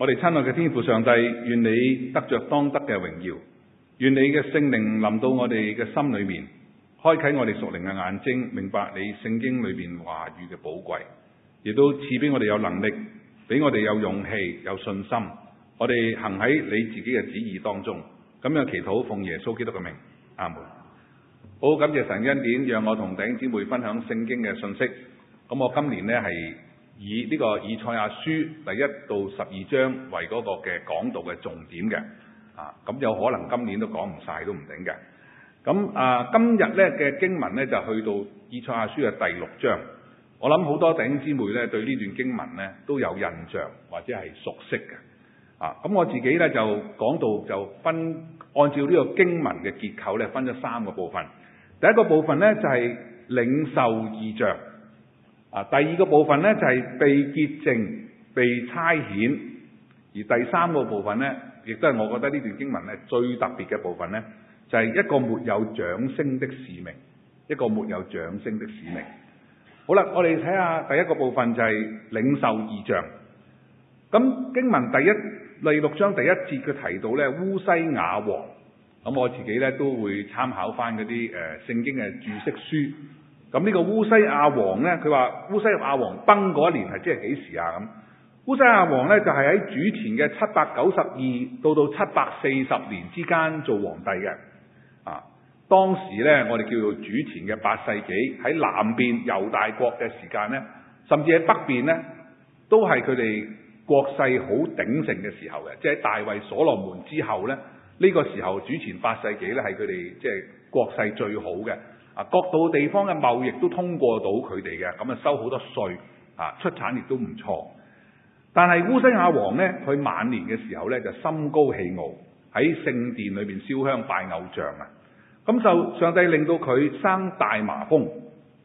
我哋親愛嘅天父上帝，願你得着當得嘅榮耀，願你嘅聖靈臨到我哋嘅心裏面，開啟我哋屬靈嘅眼睛，明白你聖經裏面話語嘅寶貴，亦都賜俾我哋有能力，俾我哋有勇氣、有信心，我哋行喺你自己嘅旨意當中。咁樣祈禱奉耶穌基督嘅名，阿門。好，感謝神恩典，讓我同弟兄姊妹分享聖經嘅信息。咁我今年呢係。以呢、這個《以賽亞書》第一到十二章為嗰個嘅講道嘅重點嘅，啊，咁有可能今年都講唔晒，都唔整嘅。咁啊，今日咧嘅經文咧就去到《以賽亞書》嘅第六章。我諗好多弟兄姊妹咧對呢段經文咧都有印象或者係熟悉嘅，啊，咁我自己咧就講到就分按照呢個經文嘅結構咧分咗三個部分。第一個部分咧就係、是、領受異象。啊，第二個部分呢，就係、是、被潔淨、被差遣，而第三個部分呢，亦都係我覺得呢段經文呢最特別嘅部分呢就係、是、一個沒有掌聲的使命，一個沒有掌聲的使命。好啦，我哋睇下第一個部分就係領受異象。咁經文第一利六章第一節佢提到呢烏西雅王，咁我自己呢，都會參考翻嗰啲誒聖經嘅注釋書。咁呢個烏西亞王咧，佢話烏西亞王崩嗰一年係即係幾時啊？咁烏西亞王咧就係喺主前嘅七百九十二到到七百四十年之間做皇帝嘅。啊，當時咧我哋叫做主前嘅八世紀喺南邊猶大國嘅時間咧，甚至喺北邊咧都係佢哋國勢好鼎盛嘅時候嘅，即係喺大衛所羅門之後咧，呢個時候主前八世紀咧係佢哋即係國勢最好嘅。啊，各度地方嘅貿易都通過到佢哋嘅，咁啊收好多稅啊，出產亦都唔錯。但係烏西亞王呢，佢晚年嘅時候呢，就心高氣傲，喺聖殿裏邊燒香拜偶像啊。咁就上帝令到佢生大麻風，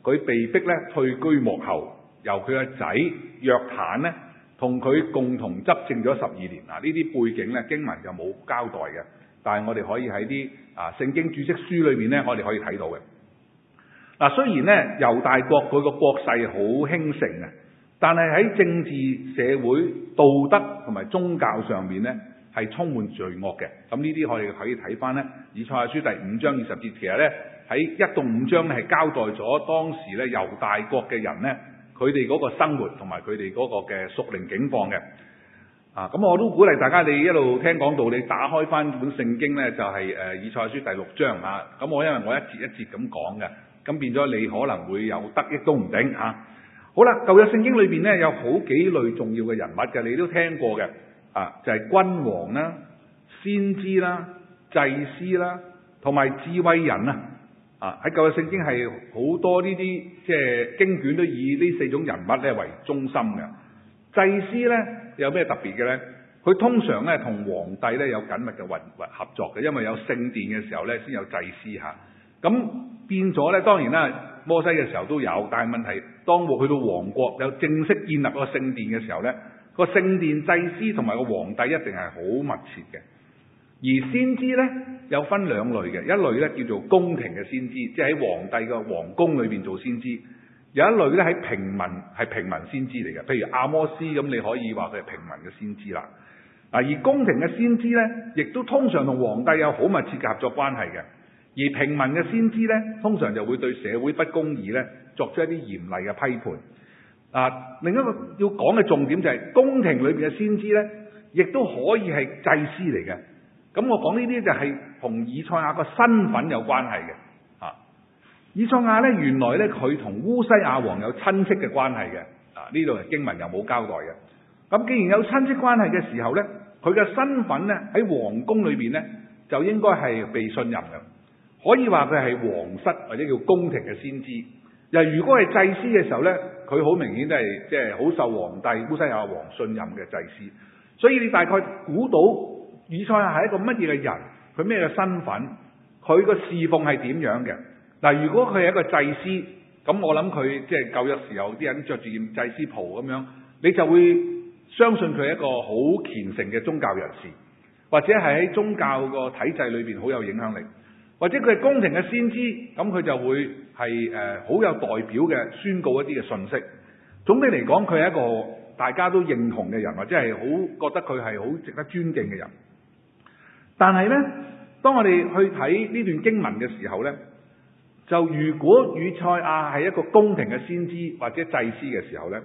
佢被迫呢退居幕後，由佢嘅仔約坦呢，同佢共同執政咗十二年啊。呢啲背景呢經文就冇交代嘅，但係我哋可以喺啲啊聖經注釋書裏面呢，我哋可以睇到嘅。嗱，雖然咧猶大國佢個國勢好興盛啊，但係喺政治、社會、道德同埋宗教上面咧，係充滿罪惡嘅。咁呢啲我哋可以睇翻咧，《以賽亞書》第五章二十節，其實咧喺一到五章咧係交代咗當時嘅猶大國嘅人咧，佢哋嗰個生活同埋佢哋嗰個嘅屬靈境況嘅。啊，咁我都鼓勵大家，你一路聽講到你打開翻本聖經咧，就係誒《以賽亞書》第六章啊。咁我因為我一節一節咁講嘅。咁變咗你可能會有得益都唔定嚇。好啦，舊約聖經裏邊咧有好幾類重要嘅人物嘅，你都聽過嘅啊，就係君王啦、先知啦、祭司啦，同埋智慧人啊。啊，喺舊約聖經係好多呢啲即係經卷都以呢四種人物咧為中心嘅。祭司咧有咩特別嘅咧？佢通常咧同皇帝咧有緊密嘅運運合作嘅，因為有聖殿嘅時候咧先有祭司嚇。咁變咗咧，當然啦，摩西嘅時候都有，但係問題當我去到王國，有正式建立個聖殿嘅時候咧，個聖殿祭司同埋個皇帝一定係好密切嘅。而先知咧有分兩類嘅，一類咧叫做宮廷嘅先知，即係喺皇帝嘅皇宮裏邊做先知；有一類咧喺平民，係平民先知嚟嘅，譬如阿摩斯咁，你可以話佢係平民嘅先知啦。嗱，而宮廷嘅先知咧，亦都通常同皇帝有好密切嘅合作關係嘅。而平民嘅先知呢，通常就會對社會不公義呢作出一啲嚴厲嘅批判。啊，另一個要講嘅重點就係、是、宮廷裏邊嘅先知呢，亦都可以係祭司嚟嘅。咁、嗯、我講呢啲就係同以賽亞個身份有關係嘅。啊，以賽亞呢，原來呢，佢同烏西亞王有親戚嘅關係嘅。啊，呢度係經文又冇交代嘅。咁、啊、既然有親戚關係嘅時候呢，佢嘅身份呢，喺皇宮裏邊呢，就應該係被信任嘅。可以話佢係皇室或者叫宮廷嘅先知。又如果係祭司嘅時候咧，佢好明顯都係即係好受皇帝、烏西亞王信任嘅祭司。所以你大概估到以賽亞係一個乜嘢嘅人，佢咩嘅身份，佢個侍奉係點樣嘅？嗱，如果佢係一個祭司，咁我諗佢即係舊約時候啲人着住件祭司袍咁樣，你就會相信佢係一個好虔誠嘅宗教人士，或者係喺宗教個體制裏邊好有影響力。或者佢係宮廷嘅先知，咁佢就會係誒好有代表嘅宣告一啲嘅信息。總體嚟講，佢係一個大家都認同嘅人，或者係好覺得佢係好值得尊敬嘅人。但係呢，當我哋去睇呢段經文嘅時候呢，就如果以賽亞係一個宮廷嘅先知或者祭司嘅時候呢，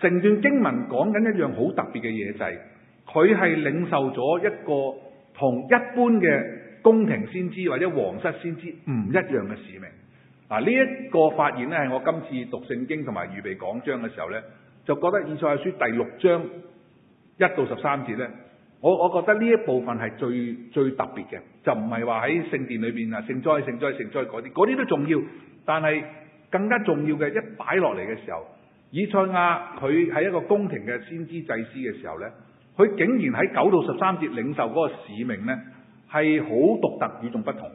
成段經文講緊一樣好特別嘅嘢就係，佢係領受咗一個同一般嘅。宮廷先知或者皇室先知唔一樣嘅使命。嗱、啊，呢、這、一個發現咧，係我今次讀聖經同埋預備講章嘅時候呢，就覺得以賽亞書第六章一到十三節呢，我我覺得呢一部分係最最特別嘅，就唔係話喺聖殿裏邊啊，聖哉聖哉聖哉嗰啲，嗰啲都重要，但係更加重要嘅一擺落嚟嘅時候，以賽亞佢喺一個宮廷嘅先知祭司嘅時候呢，佢竟然喺九到十三節領受嗰個使命呢。係好獨特、與眾不同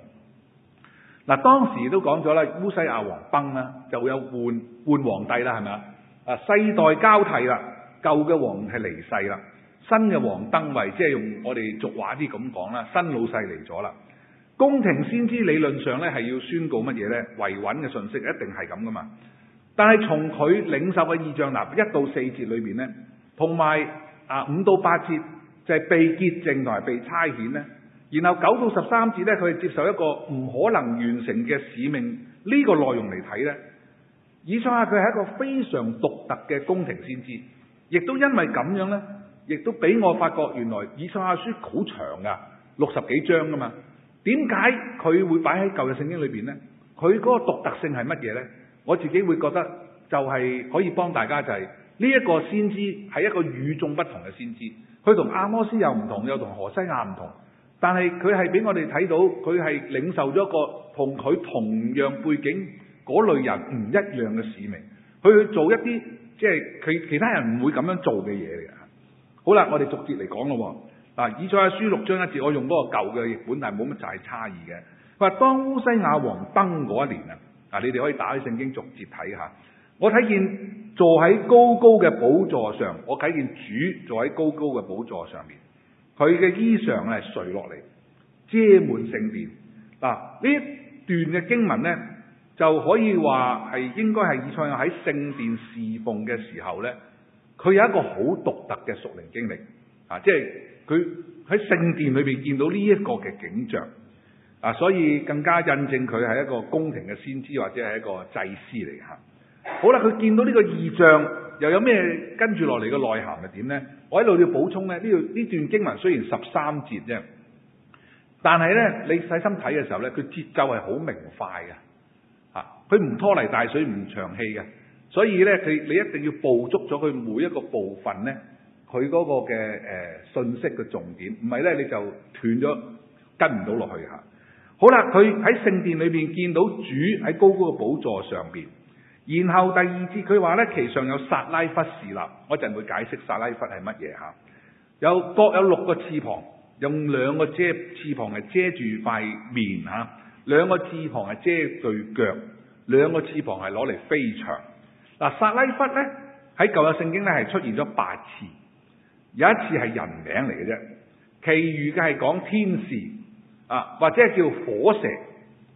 嗱。當時都講咗啦，烏西亞王崩啦，就有換換皇帝啦，係咪啊？啊，世代交替啦，舊嘅王係離世啦，新嘅王登位，即係用我哋俗話啲咁講啦，新老細嚟咗啦。宮廷先知理論上咧係要宣告乜嘢咧？維穩嘅信息一定係咁噶嘛。但係從佢領受嘅意象，嗱，一到四節裏面咧，同埋啊五到八節就係、是、被潔淨同埋被差遣咧。然後九到十三節咧，佢係接受一個唔可能完成嘅使命。這個、內呢個內容嚟睇呢，以賽亞佢係一個非常獨特嘅宮廷先知，亦都因為咁樣呢，亦都俾我發覺原來以賽亞書好長㗎，六十幾章㗎嘛。點解佢會擺喺舊約聖經裏邊呢？佢嗰個獨特性係乜嘢呢？我自己會覺得就係可以幫大家就係呢一個先知係一個與眾不同嘅先知，佢同阿摩斯又唔同，又同何西亞唔同。但係佢係俾我哋睇到，佢係領受咗一個同佢同樣背景嗰類人唔一樣嘅使命，佢去做一啲即係佢其他人唔會咁樣做嘅嘢嚟嘅。好啦，我哋逐節嚟講咯。嗱，以賽亞書六章一節，我用嗰個舊嘅譯本，係冇乜大差異嘅。話當烏西亞王登嗰一年啊，嗱，你哋可以打開聖經逐節睇下。我睇見坐喺高高嘅寶座上，我睇見主坐喺高高嘅寶座上面。佢嘅衣裳係垂落嚟，遮滿聖殿。嗱，呢一段嘅經文咧，就可以話係應該係以賽亞喺聖殿侍奉嘅時候咧，佢有一個好獨特嘅屬靈經歷啊！即係佢喺聖殿裏邊見到呢一個嘅景象啊，所以更加印證佢係一個宮廷嘅先知，或者係一個祭司嚟嘅。好啦，佢見到呢個異象。又有咩跟住落嚟嘅內涵係點咧？我喺度要補充咧，呢度呢段經文雖然十三節啫，但係咧你細心睇嘅時候咧，佢節奏係好明快嘅，嚇，佢唔拖泥帶水，唔長氣嘅，所以咧佢你一定要捕捉咗佢每一個部分咧，佢個嘅誒、呃、信息嘅重點唔係咧你就斷咗跟唔到落去吓。好啦，佢喺聖殿裏邊見到主喺高高嘅寶座上邊。然後第二節佢話咧，其上有撒拉弗侍立，我一陣會解釋撒拉弗係乜嘢嚇。有各有六個翅膀，用兩個遮翅膀係遮住塊面嚇，兩、啊、個翅膀係遮對腳，兩個翅膀係攞嚟飛翔。嗱、啊，撒拉弗咧喺舊約聖經咧係出現咗八次，有一次係人名嚟嘅啫，其餘嘅係講天使啊，或者叫火蛇。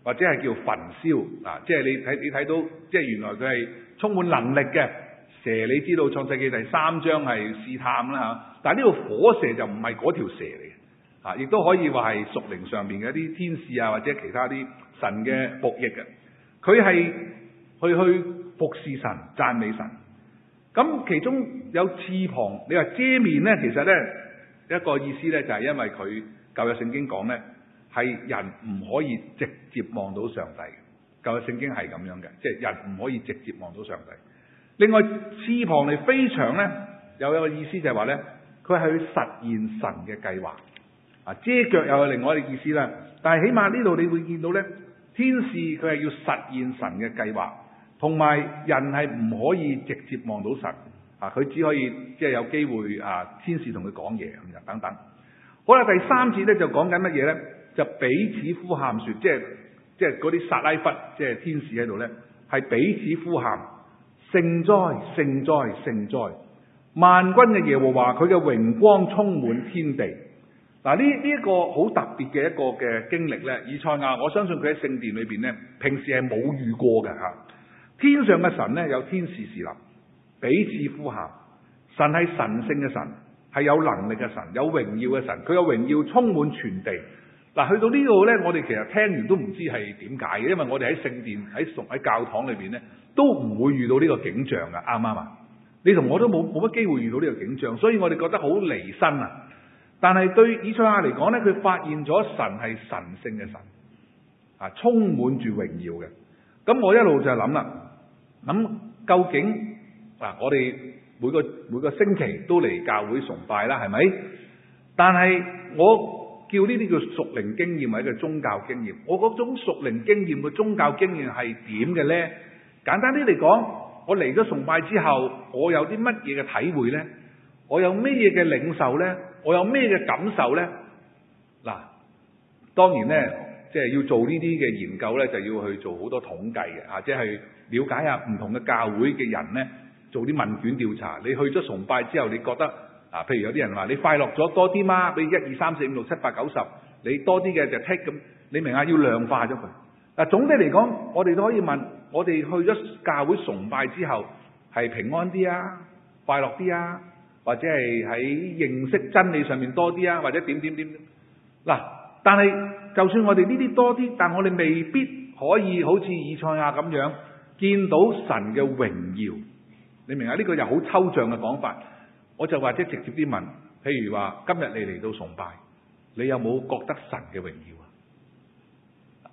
或者係叫焚燒啊！即係你睇，你睇到即係原來佢係充滿能力嘅蛇。你知道創世記第三章係試探啦嚇、啊，但係呢個火蛇就唔係嗰條蛇嚟嘅啊！亦都可以話係屬靈上面嘅一啲天使啊，或者其他啲神嘅僕役嘅。佢係去去服侍神、讚美神。咁其中有翅膀，你話遮面咧，其實咧一個意思咧就係、是、因為佢舊約聖經講咧。係人唔可以直接望到上帝嘅，舊嘅聖經係咁樣嘅，即係人唔可以直接望到上帝。另外翅膀，嚟飛翔呢，又有一個意思就係話呢，佢係去實現神嘅計劃。啊，遮腳又有另外一個意思啦。但係起碼呢度你會見到呢，天使佢係要實現神嘅計劃，同埋人係唔可以直接望到神。啊，佢只可以即係有機會啊，天使同佢講嘢咁就等等。好啦，第三次呢就講緊乜嘢呢？就彼此呼喊說，即係即係嗰啲撒拉弗，即係天使喺度呢，係彼此呼喊，聖哉聖哉聖哉，哉！萬軍嘅耶和華佢嘅榮光充滿天地。嗱，呢呢一個好特別嘅一個嘅經歷呢，以賽亞，我相信佢喺聖殿裏邊呢，平時係冇遇過嘅吓。天上嘅神呢，有天使侍立，彼此呼喊，神係神聖嘅神，係有能力嘅神，有榮耀嘅神，佢有榮耀充滿全地。嗱，去到呢度呢，我哋其實聽完都唔知係點解嘅，因為我哋喺聖殿、喺喺教堂裏邊呢，都唔會遇到呢個景象嘅，啱唔啱啊？你同我都冇冇乜機會遇到呢個景象，所以我哋覺得好離身啊。但係對以賽亞嚟講呢，佢發現咗神係神聖嘅神，啊，充滿住榮耀嘅。咁我一路就係諗啦，諗究竟啊，我哋每個每個星期都嚟教會崇拜啦，係咪？但係我。叫呢啲叫屬靈經驗或者叫宗教經驗。我嗰種屬靈經驗嘅宗教經驗係點嘅呢？簡單啲嚟講，我嚟咗崇拜之後，我有啲乜嘢嘅體會呢？我有咩嘢嘅領受呢？我有咩嘅感受呢？嗱，當然呢，即係要做呢啲嘅研究呢，就要去做好多統計嘅或者係了解下唔同嘅教會嘅人呢，做啲問卷調查。你去咗崇拜之後，你覺得？啊，譬如有啲人話你快樂咗多啲嘛，比如一二三四五六七八九十，你多啲嘅就 take 咁，你明啊？要量化咗佢。嗱，總體嚟講，我哋都可以問，我哋去咗教會崇拜之後，係平安啲啊，快樂啲啊，或者係喺認識真理上面多啲啊，或者點點點。嗱，但係就算我哋呢啲多啲，但我哋未必可以好似以賽亞咁樣見到神嘅榮耀。你明啊？呢、這個又好抽象嘅講法。我就或者直接啲問，譬如話今日你嚟到崇拜，你有冇覺得神嘅榮耀啊？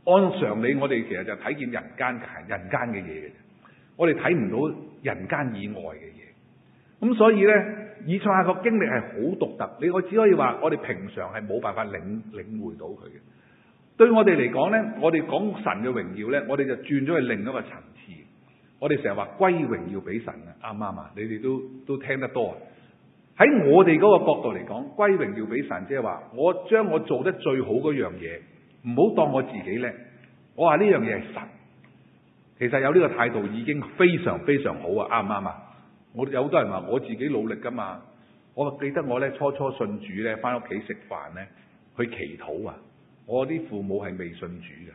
按常理，我哋其實就睇見人間嘅人間嘅嘢嘅啫，我哋睇唔到人間以外嘅嘢。咁所以呢，以賽亞個經歷係好獨特。你我只可以話，我哋平常係冇辦法領領會到佢嘅。對我哋嚟講呢，我哋講神嘅榮耀呢，我哋就轉咗去另一個層次。我哋成日話歸榮耀俾神啊，啱唔啱啊？你哋都都聽得多啊！喺我哋嗰個角度嚟講，歸榮耀俾神，即係話我將我做得最好嗰樣嘢，唔好當我自己叻。我話呢樣嘢係神，其實有呢個態度已經非常非常好啊，啱唔啱啊？我有好多人話我自己努力㗎嘛，我記得我咧初初信主咧，翻屋企食飯咧去祈禱啊，我啲父母係未信主嘅，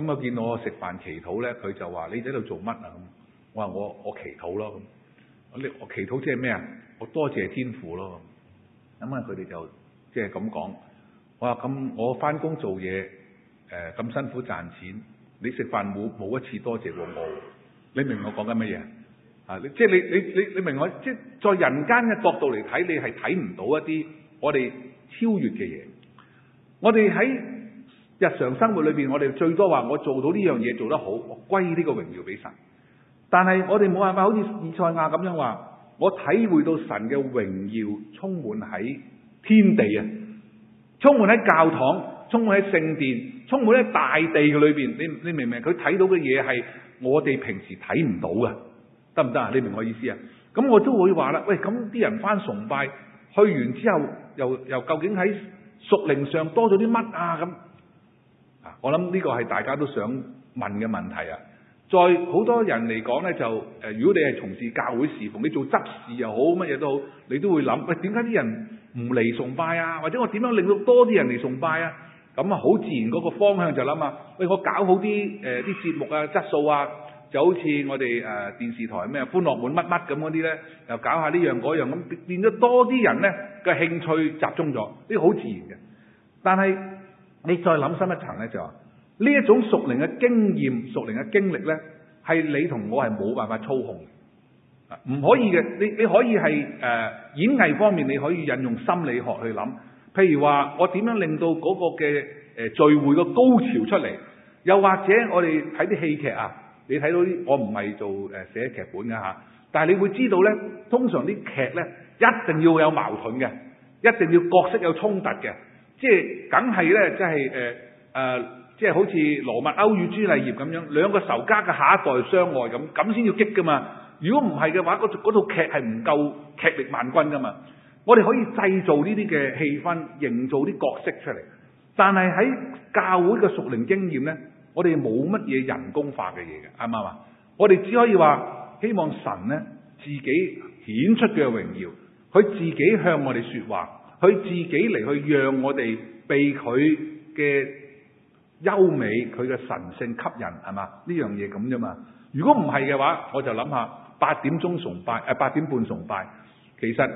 咁我見到我食飯祈禱咧，佢就話你喺度做乜啊？我話我我祈禱咯。我祈禱即係咩啊？我多謝天父咯。咁啊，佢哋就即係咁講。我話咁，我翻工做嘢誒咁辛苦賺錢，你食飯冇冇一次多謝過我？你明唔明我講緊乜嘢啊？即係你你你你明我即係在人間嘅角度嚟睇，你係睇唔到一啲我哋超越嘅嘢。我哋喺日常生活裏邊，我哋最多話我做到呢樣嘢做得好，我歸呢個榮耀俾神。但係我哋冇辦法好似以賽亞咁樣話，我體會到神嘅榮耀充滿喺天地啊，充滿喺教堂，充滿喺聖殿，充滿喺大地嘅裏邊。你你明唔明？佢睇到嘅嘢係我哋平時睇唔到嘅，得唔得啊？你明我，行行你明我意思啊？咁我都會話啦，喂，咁啲人返崇拜去完之後又，又又究竟喺屬靈上多咗啲乜啊？咁啊，我諗呢個係大家都想問嘅問題啊。再好多人嚟講咧，就誒、呃，如果你係從事教會事奉，你做執事又好，乜嘢都好，你都會諗，喂，點解啲人唔嚟崇拜啊？或者我點樣令到多啲人嚟崇拜啊？咁啊，好自然嗰個方向就諗啊，喂，我搞好啲誒啲節目啊，質素啊，就好似我哋誒、呃、電視台咩歡樂滿乜乜咁嗰啲咧，又搞下呢樣嗰樣咁，變咗多啲人咧嘅興趣集中咗，呢個好自然嘅。但係你再諗深一層咧，就呢一種熟齡嘅經驗、熟齡嘅經歷呢，係你同我係冇辦法操控嘅，唔可以嘅。你你可以係誒、呃、演藝方面，你可以引用心理學去諗。譬如話，我點樣令到嗰個嘅誒、呃、聚會個高潮出嚟？又或者我哋睇啲戲劇啊？你睇到啲我唔係做誒寫劇本㗎吓。但係你會知道呢，通常啲劇呢，一定要有矛盾嘅，一定要角色有衝突嘅，即係梗係呢，即係誒誒。呃呃即係好似羅密歐與朱麗葉咁樣，兩個仇家嘅下一代相愛咁，咁先要激㗎嘛。如果唔係嘅話，嗰套劇係唔夠劇力萬鈞㗎嘛。我哋可以製造呢啲嘅氣氛，營造啲角色出嚟。但係喺教會嘅屬靈經驗呢，我哋冇乜嘢人工化嘅嘢嘅，啱唔啱啊？我哋只可以話希望神呢，自己顯出嘅榮耀，佢自己向我哋説話，佢自己嚟去讓我哋被佢嘅。優美佢嘅神性吸引，係嘛，呢樣嘢咁啫嘛？如果唔係嘅話，我就諗下八點鐘崇拜，誒、呃、八點半崇拜。其實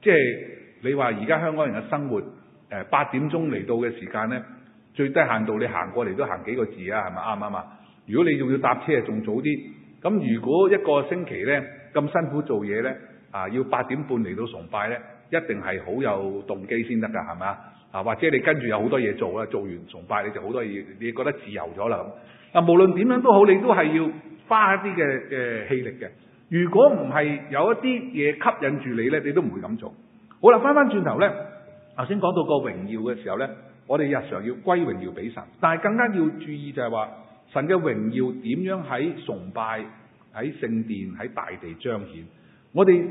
即係你話而家香港人嘅生活，誒、呃、八點鐘嚟到嘅時間咧，最低限度你行過嚟都行幾個字啊，係咪？啱唔啱啊？如果你仲要搭車，仲早啲。咁如果一個星期咧，咁辛苦做嘢咧，啊、呃、要八點半嚟到崇拜咧，一定係好有動機先得㗎，係咪嗱，或者你跟住有好多嘢做啦，做完崇拜你就好多嘢，你覺得自由咗啦咁。嗱，無論點樣都好，你都係要花一啲嘅嘅氣力嘅。如果唔係有一啲嘢吸引住你咧，你都唔會咁做。好啦，翻翻轉頭咧，頭先講到個榮耀嘅時候咧，我哋日常要歸榮耀俾神，但係更加要注意就係話神嘅榮耀點樣喺崇拜、喺聖殿、喺大地彰顯。我哋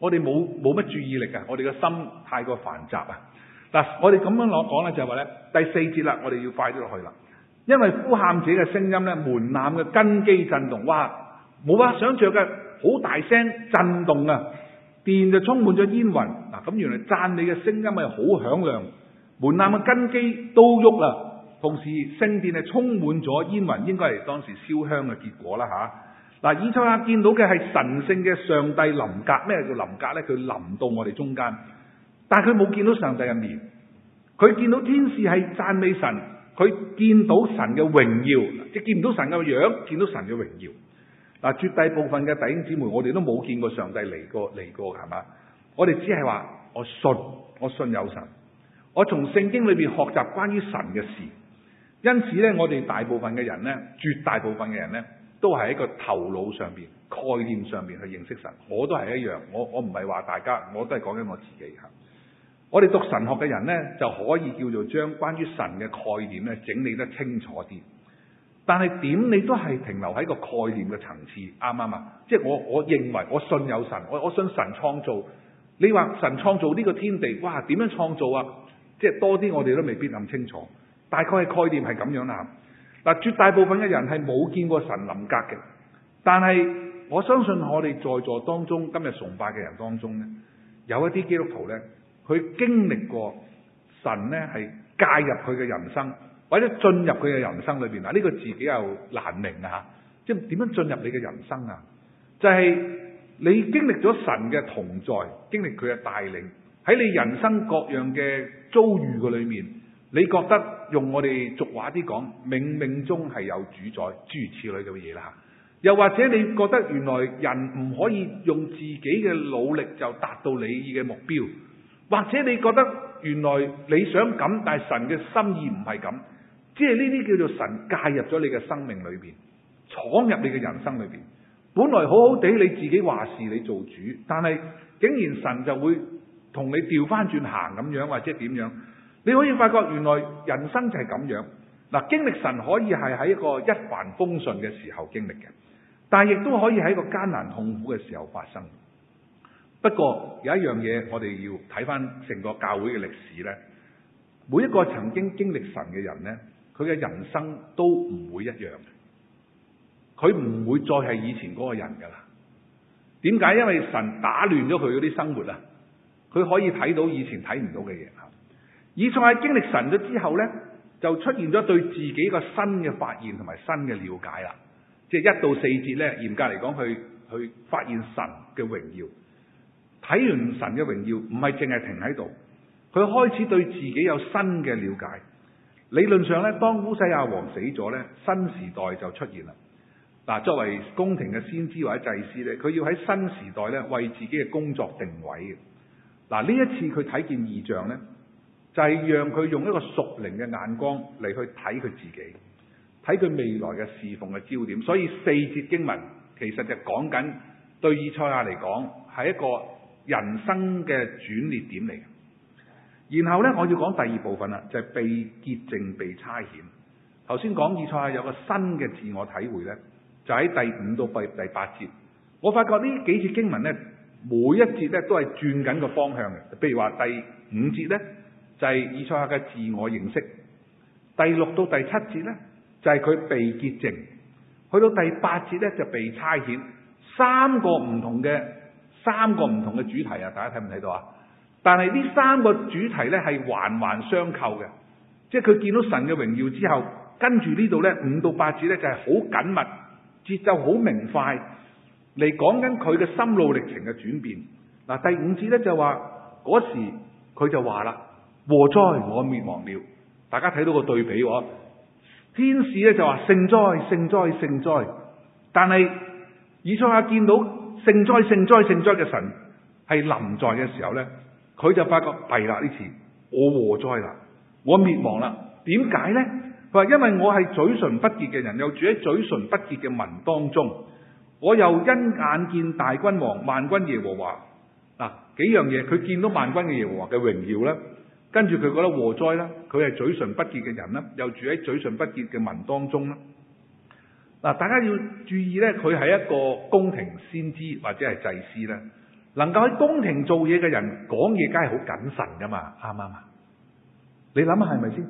我哋冇冇乜注意力㗎，我哋嘅心太過繁雜啊！嗱，我哋咁樣落講咧，就係話咧，第四節啦，我哋要快啲落去啦，因為呼喊者嘅聲音咧，門檻嘅根基震動，哇，冇啊，想像嘅好大聲震動啊，殿就充滿咗煙雲。嗱、啊，咁原來讚美嘅聲音係好響亮，門檻嘅根基都喐啦，同時聖殿係充滿咗煙雲，應該係當時燒香嘅結果啦吓，嗱、啊，以賽亞見到嘅係神聖嘅上帝臨格，咩叫臨格咧？佢臨到我哋中間。但佢冇見到上帝嘅面，佢見到天使係讚美神，佢見到神嘅榮耀，即見唔到神嘅樣，見到神嘅榮耀。嗱，絕大部分嘅弟兄姊妹，我哋都冇見過上帝嚟過嚟過，係嘛？我哋只係話我信，我信有神，我從聖經裏邊學習關於神嘅事。因此咧，我哋大部分嘅人咧，絕大部分嘅人咧，都係一個頭腦上邊、概念上面去認識神。我都係一樣，我我唔係話大家，我都係講緊我自己吓。我哋讀神學嘅人呢，就可以叫做將關於神嘅概念呢，整理得清楚啲。但係點你都係停留喺個概念嘅層次，啱唔啱啊？即係我我認為我信有神，我我信神創造。你話神創造呢個天地，哇，點樣創造啊？即係多啲我哋都未必諗清楚，大概嘅概念係咁樣啦。嗱，絕大部分嘅人係冇見過神臨格嘅，但係我相信我哋在座當中今日崇拜嘅人當中呢，有一啲基督徒呢。佢經歷過神呢係介入佢嘅人生，或者進入佢嘅人生裏邊啊！呢、這個自己又難明啊，即係點樣進入你嘅人生啊？就係、是、你經歷咗神嘅同在，經歷佢嘅帶領，喺你人生各樣嘅遭遇嘅裏面，你覺得用我哋俗話啲講，冥冥中係有主宰，諸如此類咁嘅嘢啦。又或者你覺得原來人唔可以用自己嘅努力就達到你嘅目標。或者你覺得原來你想咁，但係神嘅心意唔係咁，即係呢啲叫做神介入咗你嘅生命裏邊，闖入你嘅人生裏邊。本來好好地你自己話事，你做主，但係竟然神就會同你調返轉行咁樣，或者點樣？你可以發覺原來人生就係咁樣。嗱，經歷神可以係喺一個一帆風順嘅時候經歷嘅，但係亦都可以喺個艱難痛苦嘅時候發生。不過有一樣嘢，我哋要睇翻成個教會嘅歷史呢，每一個曾經經歷神嘅人呢，佢嘅人生都唔會一樣。佢唔會再係以前嗰個人㗎啦。點解？因為神打亂咗佢嗰啲生活啊！佢可以睇到以前睇唔到嘅嘢。以上係經歷神咗之後呢，就出現咗對自己個新嘅發現同埋新嘅了解啦。即係一到四節呢，嚴格嚟講，去去發現神嘅榮耀。睇完神嘅榮耀，唔係淨係停喺度，佢開始對自己有新嘅了解。理論上咧，當烏西雅王死咗咧，新時代就出現啦。嗱，作為宮廷嘅先知或者祭司咧，佢要喺新時代咧為自己嘅工作定位嘅。嗱，呢一次佢睇見異象咧，就係、是、讓佢用一個屬靈嘅眼光嚟去睇佢自己，睇佢未來嘅侍奉嘅焦點。所以四節經文其實就講緊對以賽亞嚟講係一個。人生嘅轉捩點嚟，然後呢，我要講第二部分啦，就係、是、被潔淨，被差遣。頭先講以賽亞有個新嘅自我體會呢，就喺第五到第八節，我發覺呢幾節經文呢，每一節呢都係轉緊個方向嘅。譬如話第五節呢就係、是、以賽亞嘅自我認識，第六到第七節呢就係、是、佢被潔淨，去到第八節呢就被差遣，三個唔同嘅。三個唔同嘅主題啊！大家睇唔睇到啊？但係呢三個主題呢，係環環相扣嘅，即係佢見到神嘅榮耀之後，跟住呢度呢，五到八節呢，就係好緊密，節奏好明快嚟講緊佢嘅心路歷程嘅轉變。嗱，第五節呢，就話嗰時佢就話啦：禍哉，我滅亡了。大家睇到個對比喎，天使呢，就話：聖哉，聖哉，聖哉。但係以賽亞見到。聖哉、聖哉、聖哉嘅神係臨在嘅時候呢，佢就發覺弊啦呢次，我禍哉啦，我滅亡啦。點解呢？佢話，因為我係嘴唇不潔嘅人，又住喺嘴唇不潔嘅民當中，我又因眼見大君王萬軍耶和華。嗱，幾樣嘢，佢見到萬軍嘅耶和華嘅榮耀啦，跟住佢覺得禍哉啦，佢係嘴唇不潔嘅人啦，又住喺嘴唇不潔嘅民當中啦。嗱，大家要注意咧，佢係一個宮廷先知或者係祭司咧，能夠喺宮廷做嘢嘅人講嘢，梗係好謹慎噶嘛，啱唔啱啊？你諗下係咪先？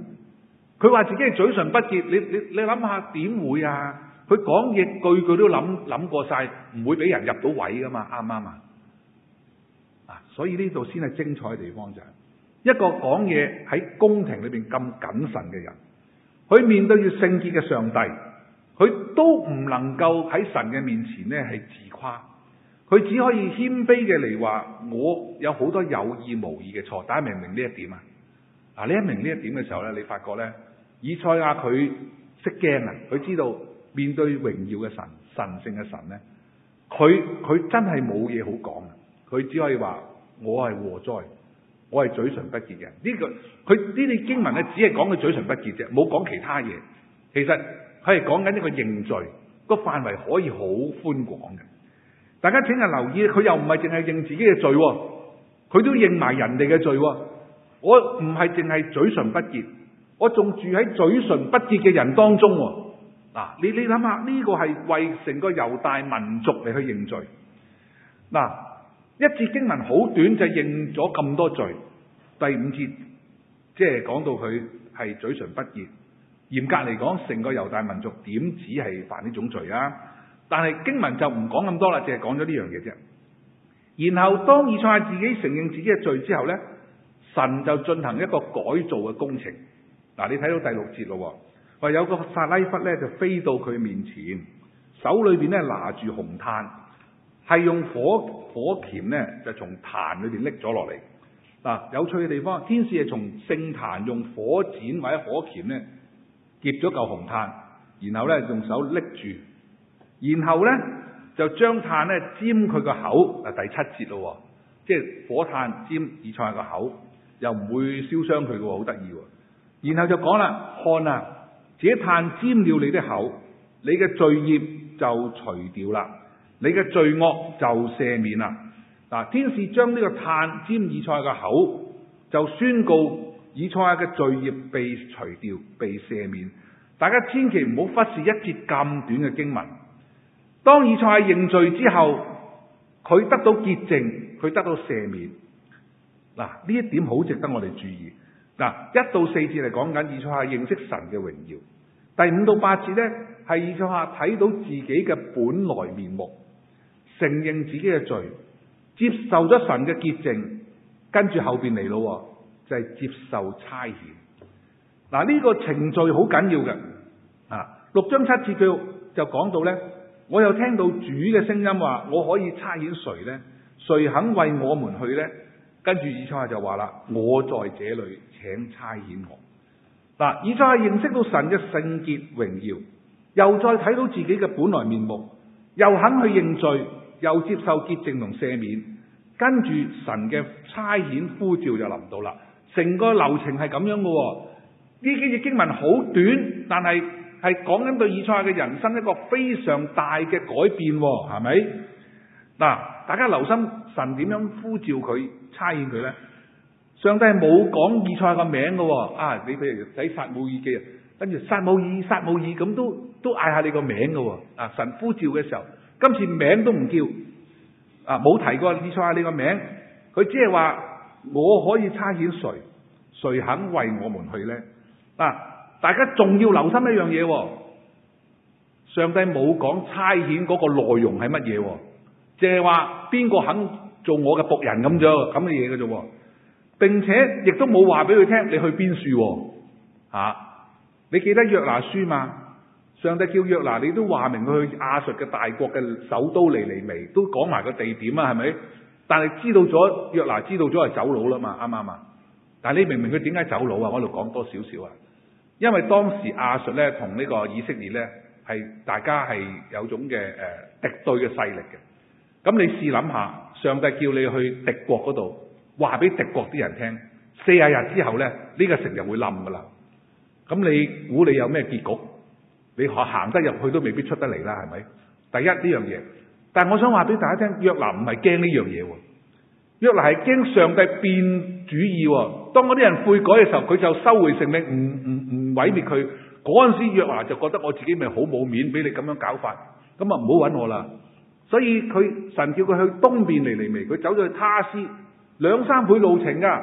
佢話自己係嘴唇不潔，你你你諗下點會啊？佢講嘢句句都諗諗過晒，唔會俾人入到位噶嘛，啱唔啱啊？啊，所以呢度先係精彩嘅地方就係，一個講嘢喺宮廷裏邊咁謹慎嘅人，佢面對住聖潔嘅上帝。佢都唔能夠喺神嘅面前呢係自誇。佢只可以謙卑嘅嚟話：我有好多有意無意嘅錯。大家明唔明呢一點啊？嗱，呢一明呢一點嘅時候呢，你發覺呢，以賽亞佢識驚啊！佢知道面對榮耀嘅神、神聖嘅神呢，佢佢真係冇嘢好講，佢只可以話：我係禍哉，我係嘴唇不潔嘅。呢個佢呢啲經文呢，只係講佢嘴唇不潔啫，冇講其他嘢。其實。係講緊一個認罪，個範圍可以好寬廣嘅。大家請人留意，佢又唔係淨係認自己嘅罪，佢都認埋人哋嘅罪。我唔係淨係嘴唇不潔，我仲住喺嘴唇不潔嘅人當中。嗱、啊，你你諗下呢個係為成個猶大民族嚟，去認罪。嗱、啊，一節經文好短就認咗咁多罪。第五節即係講到佢係嘴唇不潔。嚴格嚟講，成個猶大民族點止係犯呢種罪啊？但係經文就唔講咁多啦，淨係講咗呢樣嘢啫。然後當以賽亞自己承認自己嘅罪之後呢，神就進行一個改造嘅工程。嗱、啊，你睇到第六節咯，話有個撒拉弗咧就飛到佢面前，手裏邊咧拿住紅炭，係用火火鉗咧就從壇裏邊拎咗落嚟。嗱、啊，有趣嘅地方，天使係從聖壇用火剪或者火鉗呢。撿咗嚿紅炭，然後咧用手拎住，然後咧就將炭咧沾佢個口，啊，第七節咯，即係火炭沾以賽亞個口，又唔會燒傷佢喎，好得意喎。然後就講啦，看啊，這炭沾了你的口，你嘅罪孽就除掉啦，你嘅罪惡就赦免啦。嗱，天使將呢個炭沾以賽亞嘅口就宣告。以賽亞嘅罪孽被除掉，被赦免，大家千祈唔好忽視一節咁短嘅經文。當以賽亞認罪之後，佢得到潔淨，佢得到赦免。嗱，呢一點好值得我哋注意。嗱，一到四節嚟講緊以賽亞認識神嘅榮耀，第五到八節呢，係以賽亞睇到自己嘅本來面目，承認自己嘅罪，接受咗神嘅潔淨，跟住後邊嚟咯。就係接受差遣，嗱、這、呢個程序好緊要嘅，啊六章七節佢就講到呢：「我又聽到主嘅聲音話，我可以差遣誰呢？誰肯為我們去呢？」跟住以賽亞就話啦，我在這裏，請差遣我。嗱、啊，以賽亞認識到神嘅聖潔榮耀，又再睇到自己嘅本來面目，又肯去認罪，又接受潔淨同赦免，跟住神嘅差遣呼召就臨到啦。成個流程係咁樣嘅喎、哦，呢幾隻經文好短，但係係講緊對以賽亞嘅人生一個非常大嘅改變喎、哦，係咪？嗱，大家留心神點樣呼召佢差遣佢咧？上帝冇講以賽亞嘅名嘅喎、哦，啊，你譬如睇撒母耳記啊，跟住撒母耳、撒母耳咁都都嗌下你個名嘅喎、哦，啊，神呼召嘅時候，今次名都唔叫，啊，冇提過以賽亞呢個名，佢即係話。我可以差遣誰？誰肯為我們去呢？嗱，大家仲要留心一樣嘢，上帝冇講差遣嗰個內容係乜嘢，淨係話邊個肯做我嘅僕人咁啫，咁嘅嘢嘅啫，並且亦都冇話俾佢聽你去邊處，吓、啊、你記得約拿書嘛？上帝叫約拿，你都話明佢去亞述嘅大國嘅首都尼尼微？」都講埋個地點啦，係咪？但係知道咗，約拿知道咗係走佬啦嘛，啱唔啱啊？但係你明唔明佢點解走佬啊？我喺度講多少少啊？因為當時亞述咧同呢個以色列咧係大家係有種嘅誒、呃、敵對嘅勢力嘅。咁你試諗下，上帝叫你去敵國嗰度，話俾敵國啲人聽，四十日之後咧呢、呢個城就會冧噶啦。咁你估你有咩結局？你行得入去都未必出得嚟啦，係咪？第一呢樣嘢。但係我想話俾大家聽，約拿唔係驚呢樣嘢喎，約拿係驚上帝變主意。當嗰啲人悔改嘅時候，佢就收回成命，唔唔唔毀滅佢。嗰陣時，約拿就覺得我自己咪好冇面俾你咁樣搞法，咁啊唔好揾我啦。所以佢神叫佢去東邊尼尼微，佢走咗去他斯，兩三倍路程噶、啊。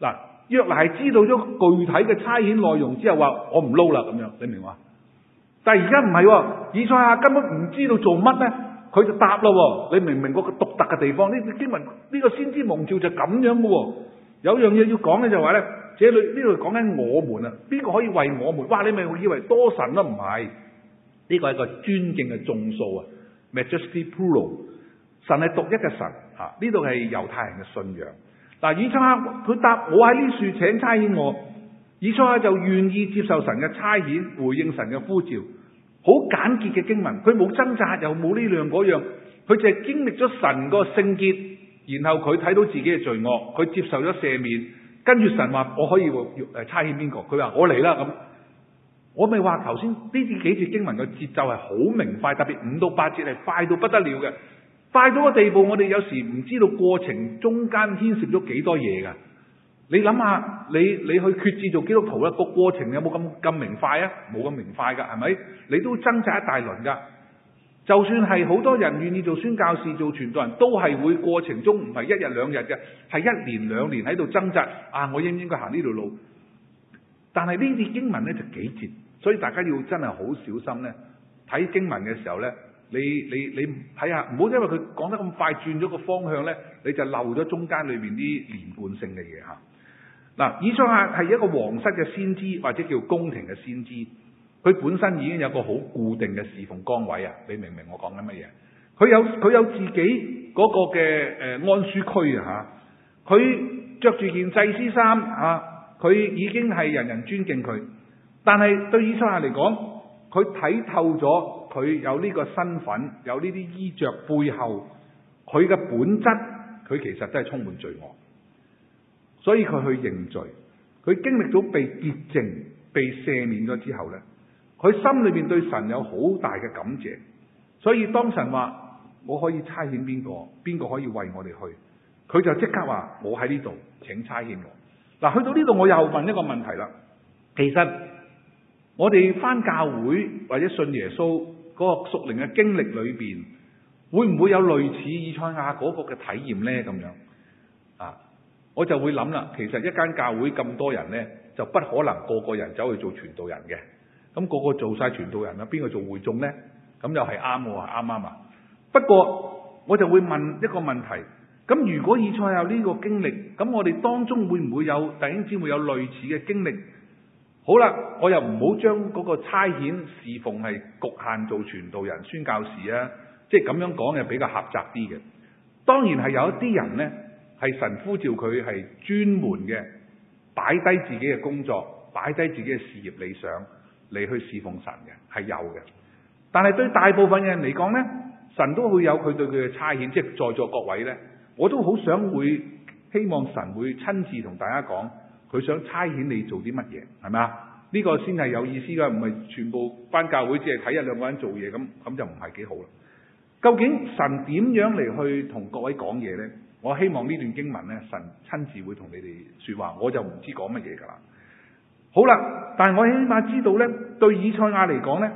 嗱，約拿係知道咗具體嘅差遣內容之後話，我唔撈啦咁樣，你明話？但係而家唔係，以賽亞根本唔知道做乜咧。佢就答咯，你明唔明個獨特嘅地方？呢啲經文，呢、這個先知蒙召就咁樣嘅。有樣嘢要講嘅就話、是、咧，這裏呢度講緊我們啊，邊個可以為我們，哇！你咪以為多神都唔係，呢、這個係一個尊敬嘅眾數啊，Majesty plural 神係獨一嘅神，吓呢度係猶太人嘅信仰。嗱，以賽亞佢答我喺呢處請差遣我，以賽亞就願意接受神嘅差遣，回應神嘅呼召。好簡潔嘅經文，佢冇掙扎，又冇呢樣嗰樣，佢淨係經歷咗神個聖潔，然後佢睇到自己嘅罪惡，佢接受咗赦免，跟住神話我可以誒差遣邊個，佢話我嚟啦咁，我咪話頭先呢啲幾節經文嘅節奏係好明快，特別五到八節係快到不得了嘅，快到個地步，我哋有時唔知道過程中間牽涉咗幾多嘢噶。你諗下，你你去決志做基督徒咧，個過程有冇咁咁明快啊？冇咁明快噶，係咪？你都掙扎一大輪噶。就算係好多人願意做宣教士、做傳道人都係會過程中唔係一日兩日嘅，係一年兩年喺度掙扎。啊，我應唔應該行呢條路？但係呢啲經文咧就幾字，所以大家要真係好小心咧。睇經文嘅時候咧，你你你睇下，唔好因為佢講得咁快，轉咗個方向咧，你就漏咗中間裏邊啲連貫性嘅嘢吓。嗱，以賽亞係一個皇室嘅先知，或者叫宮廷嘅先知，佢本身已經有個好固定嘅侍奉崗位啊！你明唔明我講緊乜嘢？佢有佢有自己個嘅誒、呃、安舒區啊！吓，佢着住件祭司衫啊，佢已經係人人尊敬佢。但係對以賽亞嚟講，佢睇透咗佢有呢個身份、有呢啲衣着背後佢嘅本質，佢其實都係充滿罪惡。所以佢去認罪，佢經歷咗被潔淨、被赦免咗之後咧，佢心裏邊對神有好大嘅感謝。所以當神話我可以差遣邊個，邊個可以為我哋去，佢就即刻話我喺呢度，請差遣我。嗱，去到呢度我又問一個問題啦，其實我哋翻教會或者信耶穌個屬靈嘅經歷裏邊，會唔會有類似以賽亞嗰個嘅體驗咧？咁樣？我就會諗啦，其實一間教會咁多人呢，就不可能個個人走去做傳道人嘅。咁、那個個做晒傳道人啦，邊個做會眾呢？咁又係啱喎，啱啱啊。不過我就會問一個問題，咁如果以賽亞呢個經歷，咁我哋當中會唔會有突然之間會有類似嘅經歷？好啦，我又唔好將嗰個差遣侍奉係局限做傳道人宣教士啊，即係咁樣講嘅比較狹窄啲嘅。當然係有一啲人呢。係神呼召佢係專門嘅擺低自己嘅工作，擺低自己嘅事業理想嚟去侍奉神嘅係有嘅。但係對大部分嘅人嚟講呢，神都會有佢對佢嘅差遣，即係在座各位呢，我都好想會希望神會親自同大家講，佢想差遣你做啲乜嘢，係咪啊？呢個先係有意思㗎，唔係全部返教會，只係睇一兩個人做嘢咁，咁就唔係幾好啦。究竟神點樣嚟去同各位講嘢呢？我希望呢段經文咧，神親自會同你哋說話，我就唔知講乜嘢噶啦。好啦，但係我起碼知道咧，對以賽亞嚟講咧，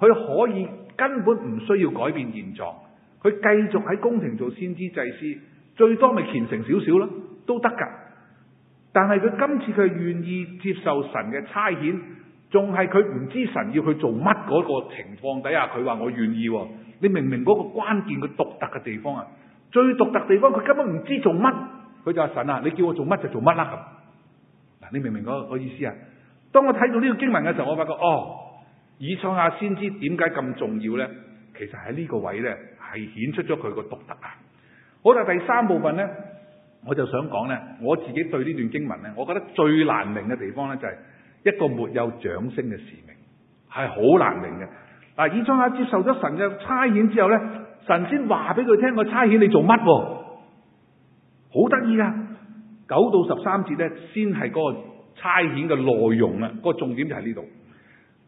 佢可以根本唔需要改變現狀，佢繼續喺宮廷做先知祭司，最多咪虔誠少少咯，都得噶。但係佢今次佢願意接受神嘅差遣，仲係佢唔知神要去做乜嗰個情況底下，佢話我願意。你明唔明嗰個關鍵嘅獨特嘅地方啊？最獨特地方，佢根本唔知做乜，佢就話神啊，你叫我做乜就做乜啦咁。嗱，你明唔明嗰個意思啊？當我睇到呢個經文嘅時候，我發覺哦，以賽亞先知點解咁重要呢？其實喺呢個位呢，係顯出咗佢個獨特啊。好啦，第三部分呢，我就想講呢，我自己對呢段經文呢，我覺得最難明嘅地方呢，就係、是、一個沒有掌聲嘅使命，係好難明嘅。嗱，以賽亞接受咗神嘅差遣之後呢。神先話俾佢聽個差遣，你做乜？好得意啊！九、啊、到十三節咧，先係個差遣嘅內容啊，個重點就喺呢度。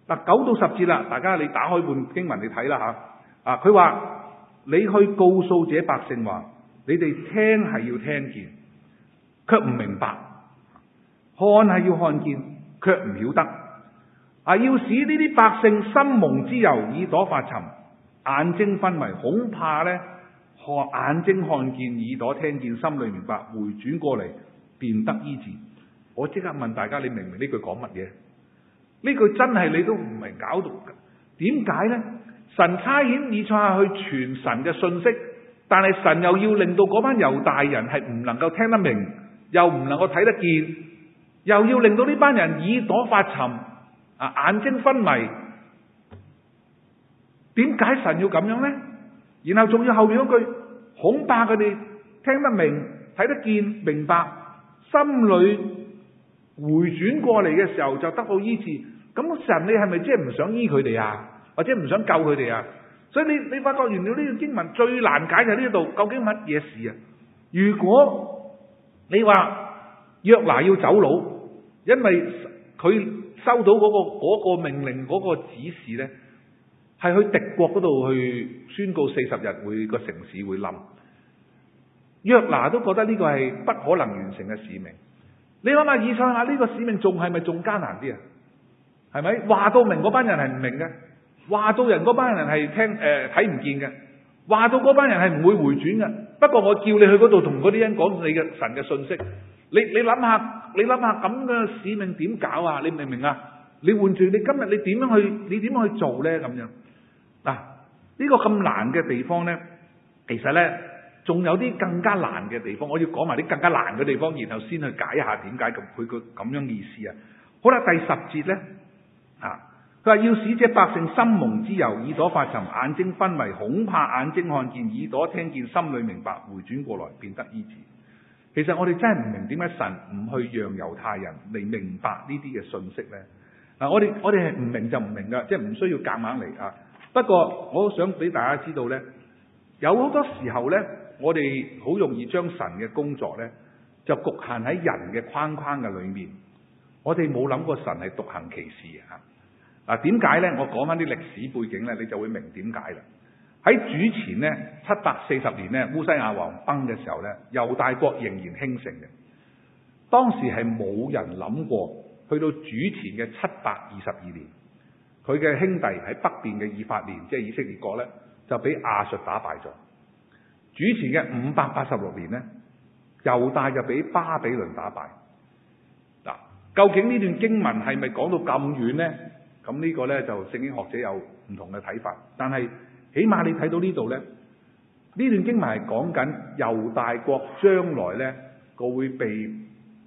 嗱，九到十節啦，大家你打開本經文你睇啦吓。啊，佢話你去告訴這百姓話，你哋聽係要聽見，卻唔明白；看係要看見，卻唔曉得。啊，要使呢啲百姓心蒙脂油，耳朵發沉。眼睛昏迷，恐怕咧，看眼睛看見，耳朵聽見，心裏明白，回轉過嚟便得醫治。我即刻問大家，你明唔明呢句講乜嘢？呢句真係你都唔係搞到，點解呢？神差遣以賽亞去傳神嘅信息，但係神又要令到嗰班猶大人係唔能夠聽得明，又唔能夠睇得見，又要令到呢班人耳朵發沉，啊眼睛昏迷。點解神要咁樣咧？然後仲要後邊嗰句，恐怕佢哋聽得明、睇得見、明白，心裏回轉過嚟嘅時候就得到醫治。咁神，你係咪即係唔想醫佢哋啊？或者唔想救佢哋啊？所以你你發覺完了呢個經文最難解就喺呢度，究竟乜嘢事啊？如果你話約拿要走佬，因為佢收到嗰個嗰個命令嗰個指示咧。係去敵國嗰度去宣告四十日會，個城市會冧，約拿都覺得呢個係不可能完成嘅使命。你諗下以賽亞呢個使命仲係咪仲艱難啲啊？係咪？話到明嗰班人係唔明嘅，話到人嗰班人係聽誒睇唔見嘅，話到嗰班人係唔會回轉嘅。不過我叫你去嗰度同嗰啲人講你嘅神嘅信息，你你諗下你諗下咁嘅使命點搞啊？你明唔明啊？你換住你，你今日你點樣去你點樣去做咧咁樣？嗱呢、啊，這個咁難嘅地方呢，其實呢，仲有啲更加難嘅地方，我要講埋啲更加難嘅地方，然後先去解一下點解咁佢個咁樣意思啊！好啦，第十節呢，啊，佢話要使這百姓心蒙脂油，耳朵發沉，眼睛昏迷，恐怕眼睛看見，耳朵聽見，心裡明白，回轉過來便得醫治。其實我哋真係唔明點解神唔去讓猶太人嚟明白呢啲嘅信息呢。嗱、啊，我哋我哋係唔明就唔明噶，即係唔需要夾硬嚟啊！不過我想俾大家知道呢，有好多時候呢，我哋好容易將神嘅工作呢，就局限喺人嘅框框嘅裏面。我哋冇諗過神係獨行其事啊！嗱，點解呢？我講翻啲歷史背景呢，你就會明點解啦。喺主前呢，七百四十年呢，烏西亞王崩嘅時候呢，猶大國仍然興盛嘅。當時係冇人諗過去到主前嘅七百二十二年。佢嘅兄弟喺北邊嘅二百年，即係以色列國咧，就俾亞述打敗咗。主前嘅五百八十六年呢，猶大就俾巴比倫打敗。嗱，究竟呢段經文係咪講到咁遠呢？咁呢個呢，就聖經學者有唔同嘅睇法。但係起碼你睇到呢度呢，呢段經文係講緊猶大國將來呢個會被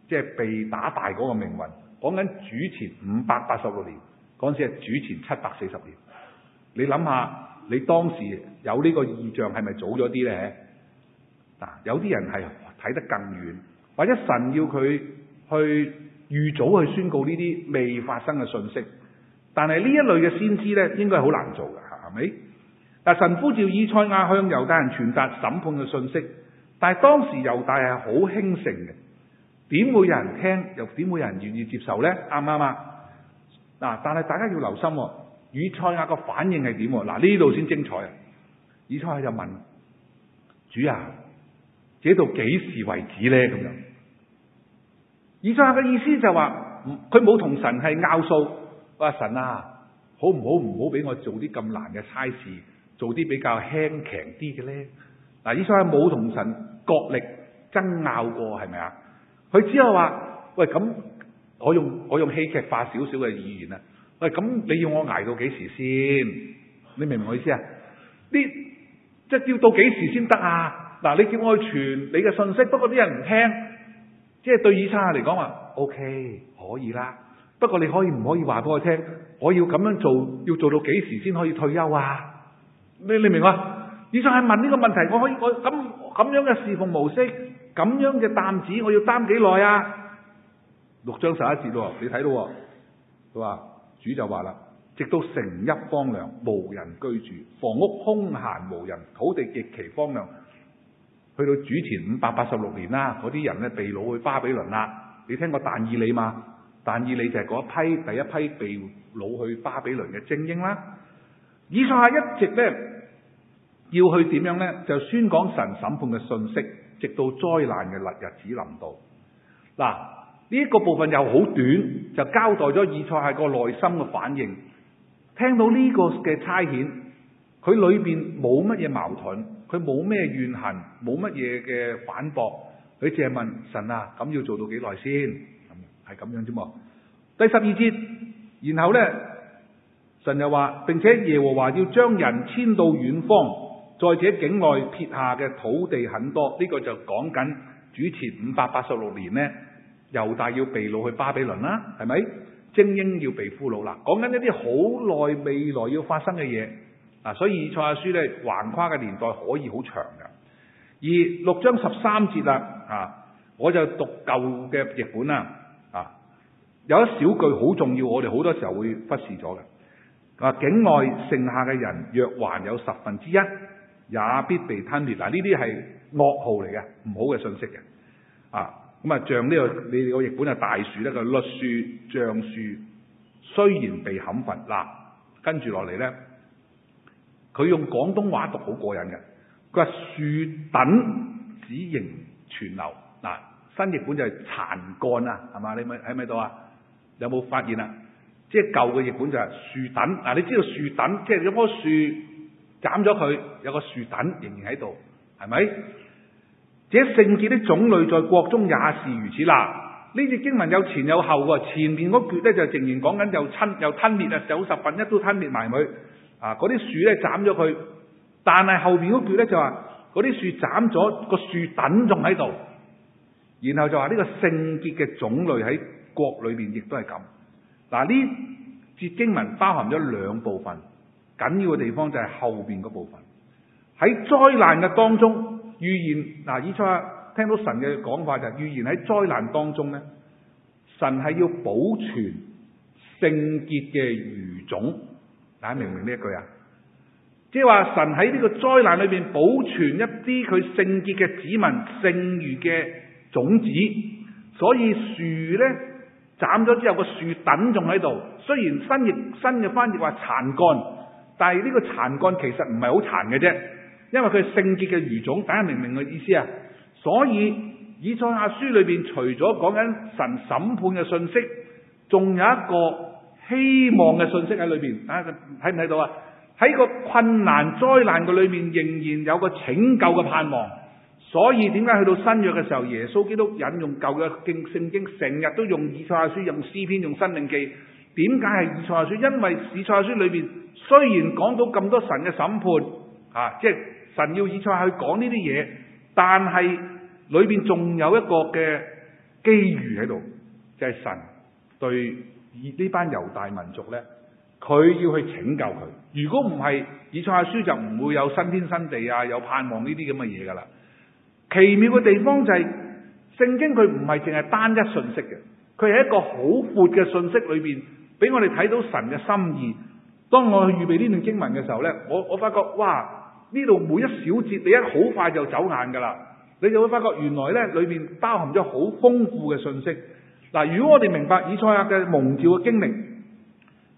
即係被打敗嗰個命運。講緊主前五百八十六年。嗰陣時係主前七百四十年，你諗下，你當時有呢個異象係咪早咗啲呢？嗱、啊，有啲人係睇得更遠，或者神要佢去預早去宣告呢啲未發生嘅信息，但係呢一類嘅先知呢，應該好難做㗎，係咪？嗱，神呼召以賽亞向猶大人傳達審判嘅信息，但係當時猶大係好興盛嘅，點會有人聽？又點會有人願意接受呢？啱唔啱啊？嗱、啊，但係大家要留心、哦，以賽亞個反應係點？嗱、啊，呢度先精彩啊！以賽亞就問主啊，這到幾時為止咧？咁樣，以賽亞嘅意思就話，佢冇同神係拗數，喂，神啊，好唔好唔好俾我做啲咁難嘅差事，做啲比較輕強啲嘅咧？嗱、啊，以賽亞冇同神角力爭拗過，係咪啊？佢只係話，喂咁。我用我用戲劇化少少嘅語言啊！喂，咁你要我捱到幾時先？你明唔明我意思啊？即係要到幾時先得啊？嗱，你叫我去傳你嘅信息，不過啲人唔聽，即係對以賽亞嚟講話 OK 可以啦。不過你可以唔可以話俾我聽？我要咁樣做，要做到幾時先可以退休啊？你，你明唔明啊？以賽亞係問呢個問題，我可以我咁咁樣嘅侍奉模式，咁樣嘅擔子，我要擔幾耐啊？六章十一節喎，你睇到喎，佢話主就話啦，直到城邑荒涼，無人居住，房屋空閒無人，土地極其荒涼。去到主前五百八十六年啦，嗰啲人呢被擄去巴比倫啦。你聽過但以理嘛？但以理就係嗰一批第一批被擄去巴比倫嘅精英啦。以賽亞一直呢，要去點樣呢？就是、宣講神審判嘅信息，直到災難嘅日日子臨到嗱。呢一個部分又好短，就交代咗以賽亞個內心嘅反應。聽到呢個嘅差遣，佢裏邊冇乜嘢矛盾，佢冇咩怨恨，冇乜嘢嘅反駁，佢淨係問神啊，咁要做到幾耐先？咁係咁樣啫嘛。第十二節，然後呢，神又話：並且耶和華要將人遷到遠方，再者境外撇下嘅土地很多。呢、這個就講緊主前五百八十六年呢。猶大要被擄去巴比倫啦，係咪？精英要被俘虜啦。講緊一啲好耐未來要發生嘅嘢，啊，所以以賽亞書咧，橫跨嘅年代可以好長嘅。而六章十三節啦，啊，我就讀舊嘅譯本啊，啊，有一小句好重要，我哋好多時候會忽視咗嘅。啊，境外剩下嘅人若還有十分之一，也必被吞滅。嗱，呢啲係噩耗嚟嘅，唔好嘅信息嘅，啊。咁啊、這個，像呢個你哋個譯本啊，大樹咧個栗樹橡樹，雖然被砍伐，嗱、啊，跟住落嚟咧，佢用廣東話讀好過癮嘅，佢話樹墩只仍存留，嗱、啊，新譯本就係殘幹啊，係嘛？你咪喺咪度啊？有冇發現啊？即係舊嘅譯本就係樹墩，嗱、啊，你知道樹墩即係有棵樹斬咗佢，有個樹墩仍然喺度，係咪？這聖潔的種類在國中也是如此啦。呢節經文有前有後喎，前面嗰句咧就仍然講緊又吞又吞滅啊，九十分一都吞滅埋佢啊！嗰啲樹咧斬咗佢，但係後面嗰句咧就話嗰啲樹斬咗個樹墩仲喺度，然後就話呢個聖潔嘅種類喺國裏邊亦都係咁。嗱，呢節經文包含咗兩部分，緊要嘅地方就係後邊嗰部分喺災難嘅當中。預言嗱，以初啊，聽到神嘅講法就係預言喺災難當中咧，神係要保存聖潔嘅餘種，大家明唔明呢一句啊？即係話神喺呢個災難裏邊保存一啲佢聖潔嘅子民、剩餘嘅種子，所以樹咧斬咗之後個樹墩仲喺度，雖然新嘅新嘅翻譯話殘幹，但係呢個殘幹其實唔係好殘嘅啫。因為佢係聖潔嘅餘種，大家明唔明我意思啊？所以以賽亞書裏邊除咗講緊神審判嘅信息，仲有一個希望嘅信息喺裏邊。啊，大家睇唔睇到啊？喺個困難災難嘅裏面，仍然有個拯救嘅盼望。所以點解去到新約嘅時候，耶穌基督引用舊嘅經聖經，成日都用以賽亞書、用詩篇、用申命記。點解係以賽亞書？因為以賽亞書裏邊雖然講到咁多神嘅審判，啊，即係。神要以賽亞去講呢啲嘢，但係裏邊仲有一個嘅機遇喺度，就係神對呢班猶大民族咧，佢要去拯救佢。如果唔係以賽亞書就唔會有新天新地啊，有盼望呢啲咁嘅嘢㗎啦。奇妙嘅地方就係聖經佢唔係淨係單一訊息嘅，佢係一個好闊嘅訊息裏邊俾我哋睇到神嘅心意。當我去預備呢段經文嘅時候咧，我我發覺哇！呢度每一小節，你一好快就走眼㗎啦。你就會發覺原來咧，裏邊包含咗好豐富嘅信息。嗱，如果我哋明白以賽亞嘅蒙召嘅經歷，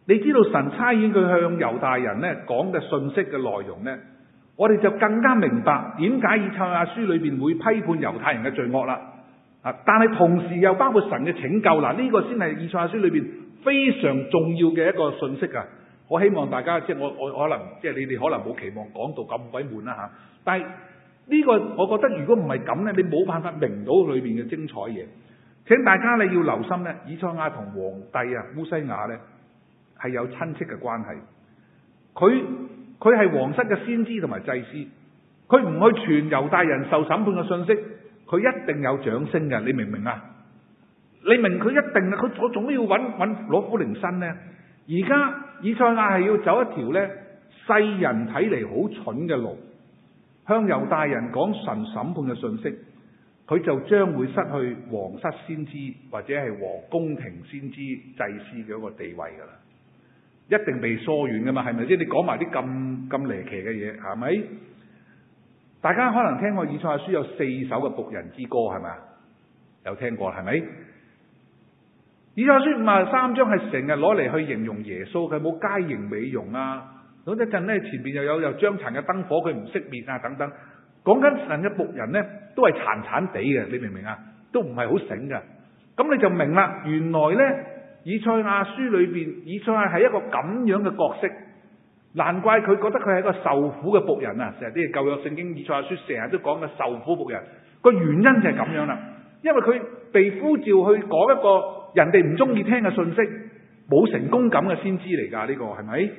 你知道神差遣佢向猶大人咧講嘅信息嘅內容咧，我哋就更加明白點解以賽亞書裏邊會批判猶太人嘅罪惡啦。啊，但係同時又包括神嘅拯救，嗱，呢個先係以賽亞書裏邊非常重要嘅一個信息啊。我希望大家即係我，我可能即係你哋可能冇期望講到咁鬼悶啦嚇，但係呢個我覺得，如果唔係咁呢，你冇辦法明到裏面嘅精彩嘢。請大家你要留心呢，以賽亞同皇帝啊烏西亞呢，係有親戚嘅關係。佢，佢係皇室嘅先知同埋祭司，佢唔去傳猶大人受審判嘅信息，佢一定有掌聲嘅。你明唔明啊？你明佢一定，佢，佢總要揾，揾攞苦靈身呢。而家以賽亞係要走一條咧世人睇嚟好蠢嘅路，向猶大人講神審判嘅信息，佢就將會失去皇室先知或者係皇宮廷先知祭司嘅一個地位噶啦，一定被疏遠噶嘛，係咪？即係你講埋啲咁咁離奇嘅嘢，係咪？大家可能聽過以賽亞書有四首嘅僕人之歌，係咪啊？有聽過係咪？是以賽亞書五十三章係成日攞嚟，去形容耶穌，佢冇佳形美容啊！咁一陣咧，前邊又有又將殘嘅燈火佢唔熄滅啊！等等，講緊神嘅僕人咧都係殘殘地嘅，你明唔明啊？都唔係好醒㗎。咁你就明啦，原來咧以賽亞書裏邊，以賽亞係一個咁樣嘅角色，難怪佢覺得佢係一個受苦嘅僕人啊！成日啲舊約聖經，以賽亞書成日都講嘅受苦僕人，個原因就係咁樣啦，因為佢被呼召去講一個。人哋唔中意聽嘅信息，冇成功感嘅先知嚟噶，呢個係咪？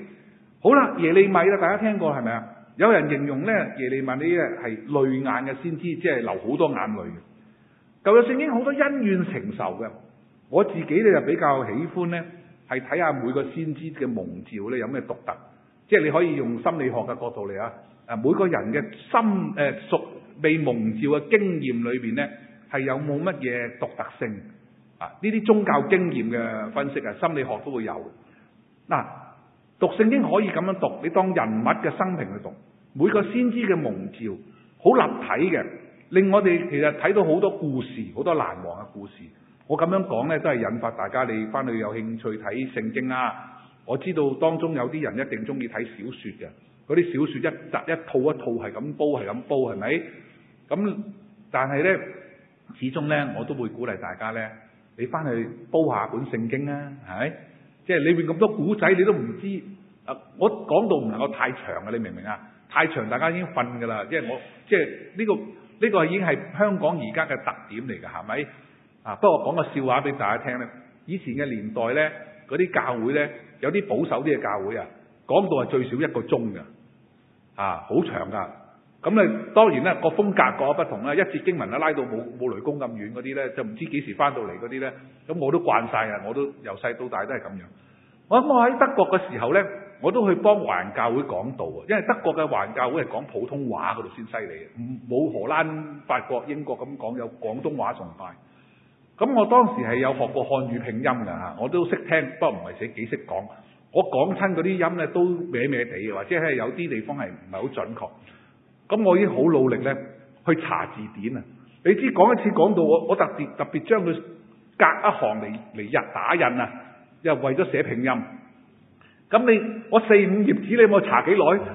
好啦，耶利米啦，大家聽過係咪啊？有人形容咧耶利米呢啲係淚眼嘅先知，即係流好多眼淚嘅。舊約聖經好多恩怨情仇嘅，我自己咧就比較喜歡咧，係睇下每個先知嘅蒙召咧有咩獨特，即係你可以用心理學嘅角度嚟啊！啊，每個人嘅心誒屬未蒙召嘅經驗裏邊咧，係有冇乜嘢獨特性？啊！呢啲宗教經驗嘅分析啊，心理學都會有。嗱、啊，讀聖經可以咁樣讀，你當人物嘅生平去讀，每個先知嘅蒙召，好立體嘅，令我哋其實睇到好多故事，好多難忘嘅故事。我咁樣講呢，都係引發大家你翻去有興趣睇聖經啦、啊。我知道當中有啲人一定中意睇小説嘅，嗰啲小説一集一套一套係咁煲，係咁煲，係咪？咁但係呢，始終呢，我都會鼓勵大家呢。你翻去煲下本聖經啦，係咪？即係裡面咁多古仔，你都唔知。啊，我講到唔能夠太長啊，你明唔明啊？太長大家已經瞓㗎啦。即係我即係呢個呢個已經係香港而家嘅特點嚟㗎，係咪？啊，不過我講個笑話俾大家聽咧。以前嘅年代咧，嗰啲教會咧，有啲保守啲嘅教會啊，講到係最少一個鐘㗎，啊，好長㗎。咁你，當然啦，個風格各不同啦。一節經文咧拉到冇冇雷公咁遠嗰啲咧，就唔知幾時翻到嚟嗰啲咧。咁我都慣晒喇，我都由細到大都係咁樣。我我喺德國嘅時候咧，我都去幫華人教會講道啊，因為德國嘅華人教會係講普通話嗰度先犀利嘅，唔冇荷蘭、法國、英國咁講有廣東話仲快。咁我當時係有學過漢語拼音㗎嚇，我都識聽，不過唔係幾識講。我講親嗰啲音咧都歪歪地，或者係有啲地方係唔係好準確。咁我已經好努力咧，去查字典啊！你知講一次講到我，我特別特別將佢隔一行嚟嚟印打印啊，又為咗寫拼音。咁你我四五頁紙，你冇查幾耐？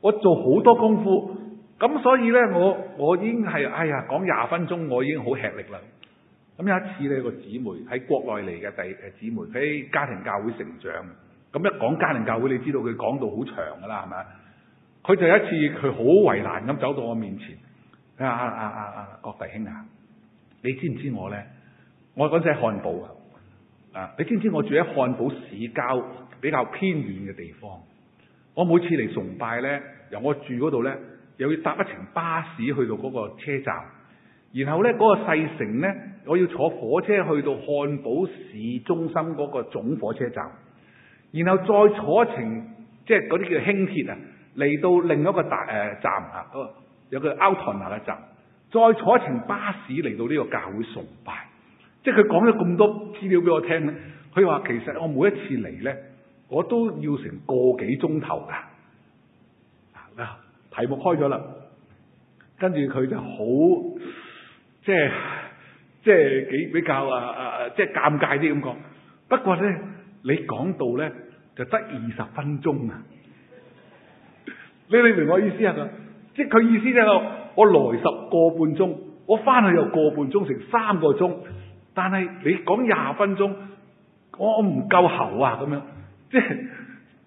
我做好多功夫。咁所以咧，我我已經係哎呀，講廿分鐘，我已經好吃力啦。咁有一次咧，個姊妹喺國內嚟嘅，第誒姊妹喺家庭教會成長。咁一講家庭教會，你知道佢講到好長噶啦，係咪？佢就一次，佢好為難咁走到我面前。啊啊啊啊啊，郭弟兄啊，你知唔知我咧？我嗰時喺漢堡啊，你知唔知我住喺漢堡市郊比較偏遠嘅地方？我每次嚟崇拜咧，由我住嗰度咧，又要搭一程巴士去到嗰個車站，然後咧嗰個細城咧，我要坐火車去到漢堡市中心嗰個總火車站，然後再坐一程，即係嗰啲叫輕鐵啊。嚟到另一個大誒、呃、站啊，個、哦、有個 Outlander 嘅站，再坐一程巴士嚟到呢個教會崇拜。即係佢講咗咁多資料俾我聽咧，佢話其實我每一次嚟咧，我都要成個幾鐘頭㗎。嗱、啊，題目開咗啦，跟住佢就好，即係即係幾比較啊啊，即係尷尬啲咁講。不過咧，你講到咧就得二十分鐘啊。你你明我意思啊？佢即係佢意思即係我來十個半鐘，我翻去又個半鐘，成三個鐘。但係你講廿分鐘，我唔夠喉啊！咁樣即係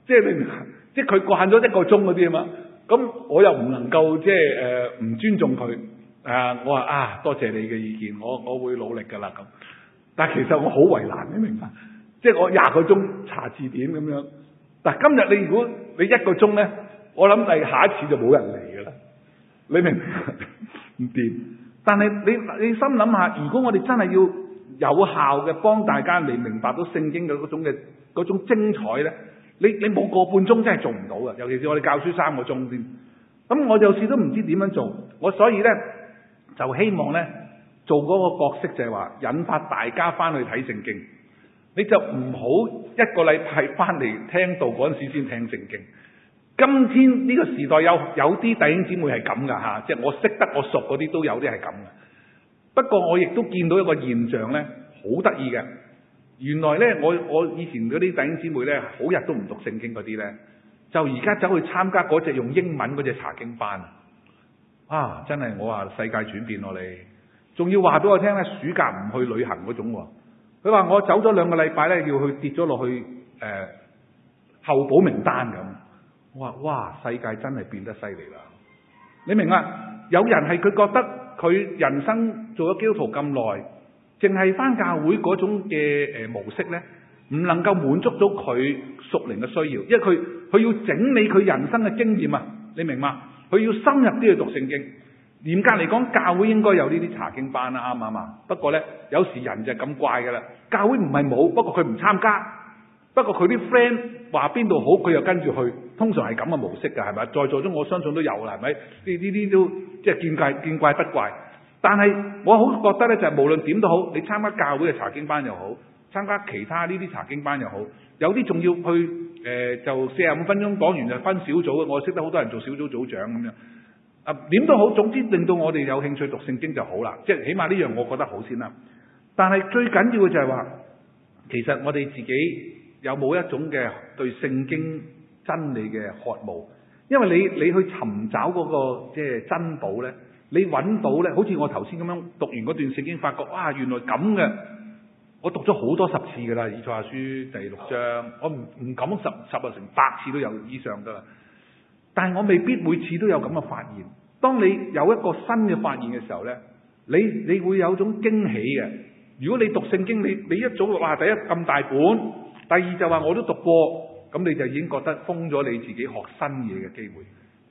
即係你明？即係佢慣咗一個鐘嗰啲啊嘛。咁我又唔能夠即係誒唔尊重佢、呃、啊！我話啊多謝你嘅意見，我我會努力噶啦咁。但係其實我好為難，你明白？即係我廿個鐘查字典咁樣。但係，今日你如果你一個鐘咧？我諗第下一次就冇人嚟噶啦，你明唔明？唔 掂。但係你你心諗下，如果我哋真係要有效嘅幫大家嚟明白到聖經嘅嗰種嘅嗰種精彩呢，你你冇個半鐘真係做唔到噶。尤其是我哋教書三個鐘先，咁我有時都唔知點樣做。我所以呢，就希望呢做嗰個角色就係話引發大家翻去睇聖經。你就唔好一個禮拜翻嚟聽道嗰陣時先聽聖經。今天呢個時代有有啲弟兄姊妹係咁噶吓，即係我識得我熟嗰啲都有啲係咁嘅。不過我亦都見到一個現象咧，好得意嘅。原來咧，我我以前嗰啲弟兄姊妹咧，好日都唔讀聖經嗰啲咧，就而家走去參加嗰隻用英文嗰隻查經班啊！真係我話世界轉變咯，你仲要話俾我聽咧，暑假唔去旅行種。佢，啊，話我走咗兩個禮拜咧，要去跌咗落去誒候補名單咁。我哇！世界真係變得犀利啦！你明啊？有人係佢覺得佢人生做咗基督徒咁耐，淨係返教會嗰種嘅誒、呃、模式呢，唔能夠滿足到佢屬靈嘅需要，因為佢佢要整理佢人生嘅經驗啊！你明嘛？佢要深入啲去讀聖經。嚴格嚟講，教會應該有呢啲查經班啦，啱唔啱啊？不過呢，有時人就係咁怪噶啦。教會唔係冇，不過佢唔參加，不過佢啲 friend 話邊度好，佢又跟住去。通常係咁嘅模式㗎，係咪？在座中我相信都有啦，係咪？呢呢啲都即係、就是、見怪見怪不怪。但係我好覺得咧，就係、是、無論點都好，你參加教會嘅查經班又好，參加其他呢啲查經班又好，有啲仲要去誒、呃，就四十五分鐘講完就分小組，我識得好多人做小組組長咁樣。啊，點都好，總之令到我哋有興趣讀聖經就好啦。即係起碼呢樣我覺得好先啦。但係最緊要嘅就係話，其實我哋自己有冇一種嘅對聖經？真理嘅渴慕，因為你你去尋找嗰個即係珍寶咧，你揾到咧，好似我頭先咁樣讀完嗰段聖經，發覺啊，原來咁嘅。我讀咗好多十次噶啦，以賽亞書第六章，我唔唔敢十十啊成百次都有以上噶啦，但係我未必每次都有咁嘅發現。當你有一個新嘅發現嘅時候咧，你你會有種驚喜嘅。如果你讀聖經，你你一早話第一咁大本，第二就話我都讀過。咁你就已經覺得封咗你自己學新嘢嘅機會。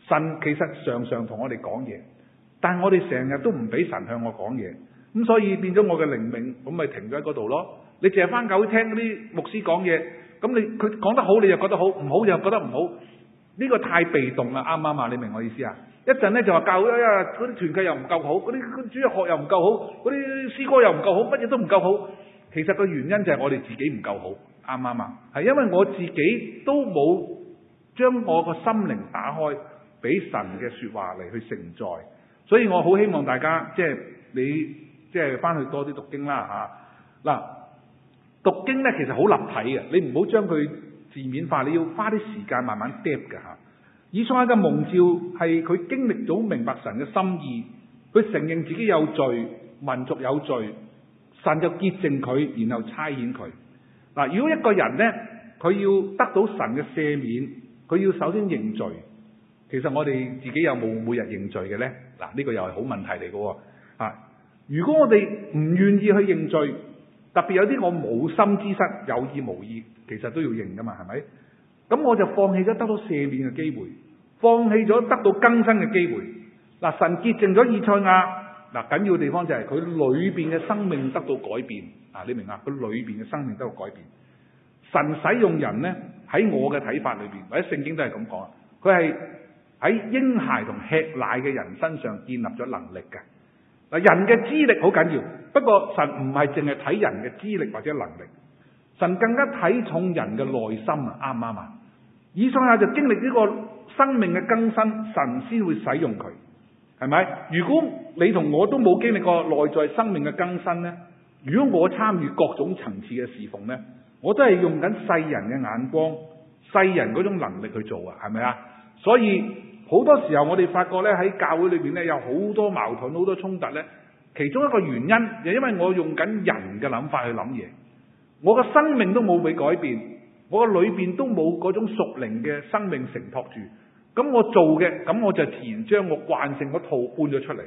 神其實常常同我哋講嘢，但係我哋成日都唔俾神向我講嘢，咁所以變咗我嘅靈命，咁咪停咗喺嗰度咯。你淨係返教會聽嗰啲牧師講嘢，咁你，佢講得好你又覺得好，唔好又覺得唔好。呢個太被動啦，啱唔啱啊？你明我意思啊？一陣咧就話教會，哎呀，嗰啲團契又唔夠好，嗰啲主日學又唔夠好，嗰啲詩歌又唔夠好，乜嘢都唔夠好。其實個原因就係我哋自己唔夠好。啱啱啊！係因為我自己都冇將我個心靈打開，俾神嘅說話嚟去承載，所以我好希望大家即係你即係翻去多啲讀經啦吓。嗱、啊，讀經咧其實好立體嘅，你唔好將佢字面化，你要花啲時間慢慢 deep 噶吓。以賽亞嘅蒙召，係佢經歷到明白神嘅心意，佢承認自己有罪，民族有罪，神就潔淨佢，然後差遣佢。嗱，如果一個人呢，佢要得到神嘅赦免，佢要首先認罪。其實我哋自己有冇每日認罪嘅呢，嗱，呢個又係好問題嚟嘅喎。啊，如果我哋唔願意去認罪，特別有啲我冇心之失、有意無意，其實都要認㗎嘛，係咪？咁我就放棄咗得到赦免嘅機會，放棄咗得到更新嘅機會。嗱，神潔淨咗以賽亞，嗱，緊要地方就係佢裏邊嘅生命得到改變。你明啊？佢裏邊嘅生命都有改變。神使用人呢，喺我嘅睇法裏邊，或者聖經都係咁講，佢係喺嬰孩同吃奶嘅人身上建立咗能力嘅。嗱，人嘅資歷好緊要，不過神唔係淨係睇人嘅資歷或者能力，神更加睇重人嘅內心啊！啱唔啱啊？以賽亞就經歷呢個生命嘅更新，神先會使用佢，係咪？如果你同我都冇經歷過內在生命嘅更新呢？如果我參與各種層次嘅侍奉呢，我都係用緊世人嘅眼光、世人嗰種能力去做啊，係咪啊？所以好多時候我哋發覺咧，喺教會裏邊咧有好多矛盾、好多衝突呢，其中一個原因就因為我用緊人嘅諗法去諗嘢，我個生命都冇被改變，我個裏邊都冇嗰種屬靈嘅生命承托住，咁我做嘅咁我就自然將我慣性個套搬咗出嚟，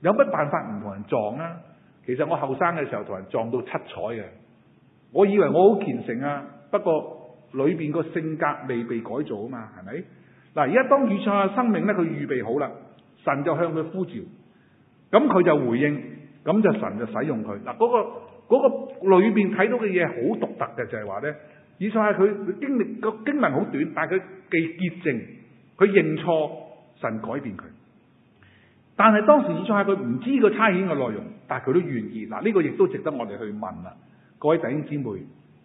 有乜辦法唔同人撞啊？其實我後生嘅時候同人撞到七彩嘅，我以為我好虔誠啊，不過裏邊個性格未被改造啊嘛，係咪？嗱，而家當以賽亞嘅生命咧，佢預備好啦，神就向佢呼召，咁佢就回應，咁就神就使用佢。嗱、嗰個，嗰、嗰個嗰個裏邊睇到嘅嘢好獨特嘅，就係話咧，以賽亞係佢經歷個經文好短，但係佢既潔淨，佢認錯，神改變佢。但係當時以賽亞佢唔知個差遣嘅內容，但係佢都願意嗱，呢個亦都值得我哋去問啦，各位弟兄姊妹，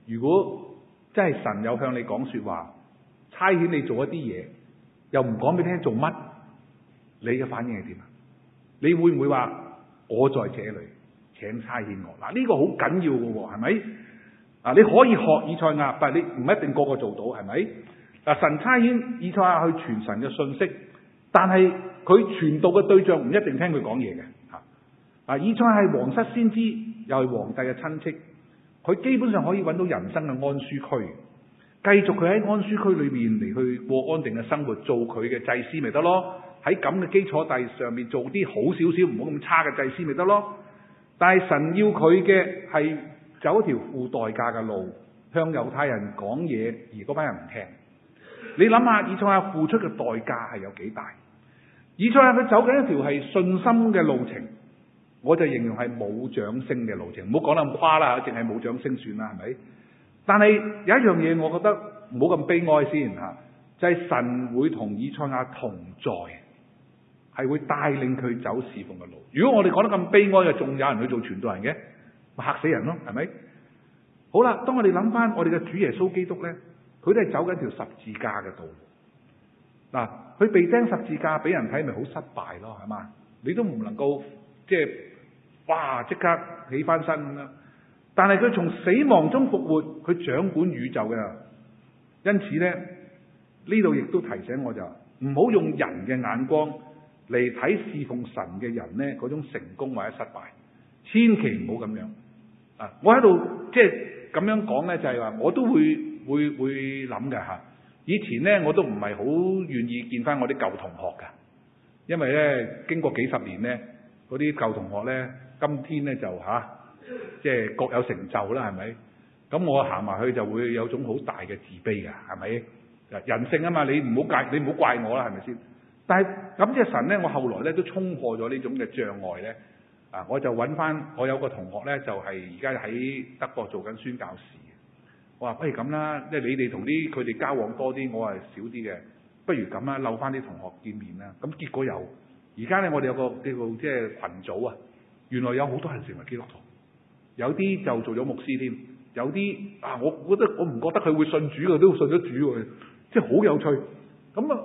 如果真係神有向你講說話，差遣你做一啲嘢，又唔講俾聽做乜，你嘅反應係點啊？你會唔會話我在這裏，請差遣我嗱？呢個好緊要㗎喎，係咪啊？你可以學以賽亞，但係你唔一定個個做到，係咪嗱？神差遣以賽亞去傳神嘅信息，但係。佢傳道嘅對象唔一定聽佢講嘢嘅，吓，啊，以賽係皇室先知，又係皇帝嘅親戚，佢基本上可以揾到人生嘅安舒區，繼續佢喺安舒區裏面嚟，去過安定嘅生活，做佢嘅祭司咪得咯？喺咁嘅基礎地上面做啲好少少，唔好咁差嘅祭司咪得咯？但係神要佢嘅係走一條付代價嘅路，向猶太人講嘢，而嗰班人唔聽。你諗下，以賽付出嘅代價係有幾大？以賽亞佢走緊一條係信心嘅路程，我就形容係冇掌聲嘅路程，唔好講得咁誇啦，淨係冇掌聲算啦，係咪？但係有一樣嘢，我覺得唔好咁悲哀先吓，就係神會同以賽亞同在，係會帶領佢走侍奉嘅路。如果我哋講得咁悲哀嘅，仲有人去做傳道人嘅，咪嚇死人咯，係咪？好啦，當我哋諗翻我哋嘅主耶穌基督咧，佢都係走緊條十字架嘅道路嗱。佢被釘十字架俾人睇，咪好失敗咯，係嘛？你都唔能夠即係哇，即刻起翻身咁樣。但係佢從死亡中復活，佢掌管宇宙嘅。因此咧，呢度亦都提醒我就唔好用人嘅眼光嚟睇侍奉神嘅人咧嗰種成功或者失敗，千祈唔好咁樣。啊，我喺度即係咁樣講咧，就係話我都會會會諗嘅嚇。啊以前咧，我都唔係好願意見翻我啲舊同學嘅，因為咧，經過幾十年咧，嗰啲舊同學咧，今天咧就吓，即係各有成就啦，係咪？咁我行埋去就會有種好大嘅自卑嘅，係咪？人性啊嘛，你唔好怪，你唔好怪我啦，係咪先？但係感謝神咧，我後來咧都衝破咗呢種嘅障礙咧，啊，我就揾翻我有個同學咧，就係而家喺德國做緊宣教士。我話不如咁啦，即係你哋同啲佢哋交往多啲，我係少啲嘅。不如咁啦，留返啲同學見面啦。咁結果又而家咧，我哋有個叫做即係群組啊，原來有好多人成為基督徒，有啲就做咗牧師添，有啲啊，我覺得我唔覺得佢會信主嘅，都信咗主喎，即係好有趣。咁啊，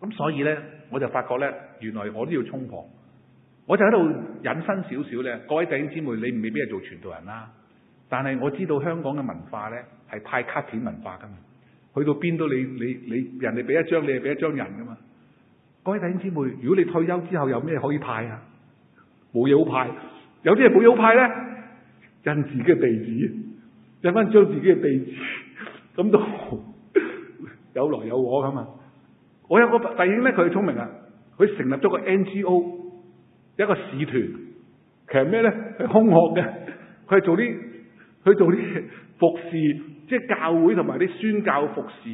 咁所以咧，我就發覺咧，原來我都要衝破，我就喺度引申少少咧。各位弟兄姊妹，你未必係做傳道人啦。但係我知道香港嘅文化咧係派卡片文化㗎嘛，去到邊度，你你你人哋俾一張，你係俾一張人㗎嘛。各位弟兄姊妹，如果你退休之後有咩可以派啊？冇嘢好派，有啲係冇嘢好派咧，印自己嘅地址，印翻張自己嘅地址，咁都有來有往㗎嘛。我有個弟兄咧，佢係聰明啊，佢成立咗個 NGO，一個使團，其實咩咧？係空殼嘅，佢係做啲。去做啲服侍，即係教會同埋啲宣教服侍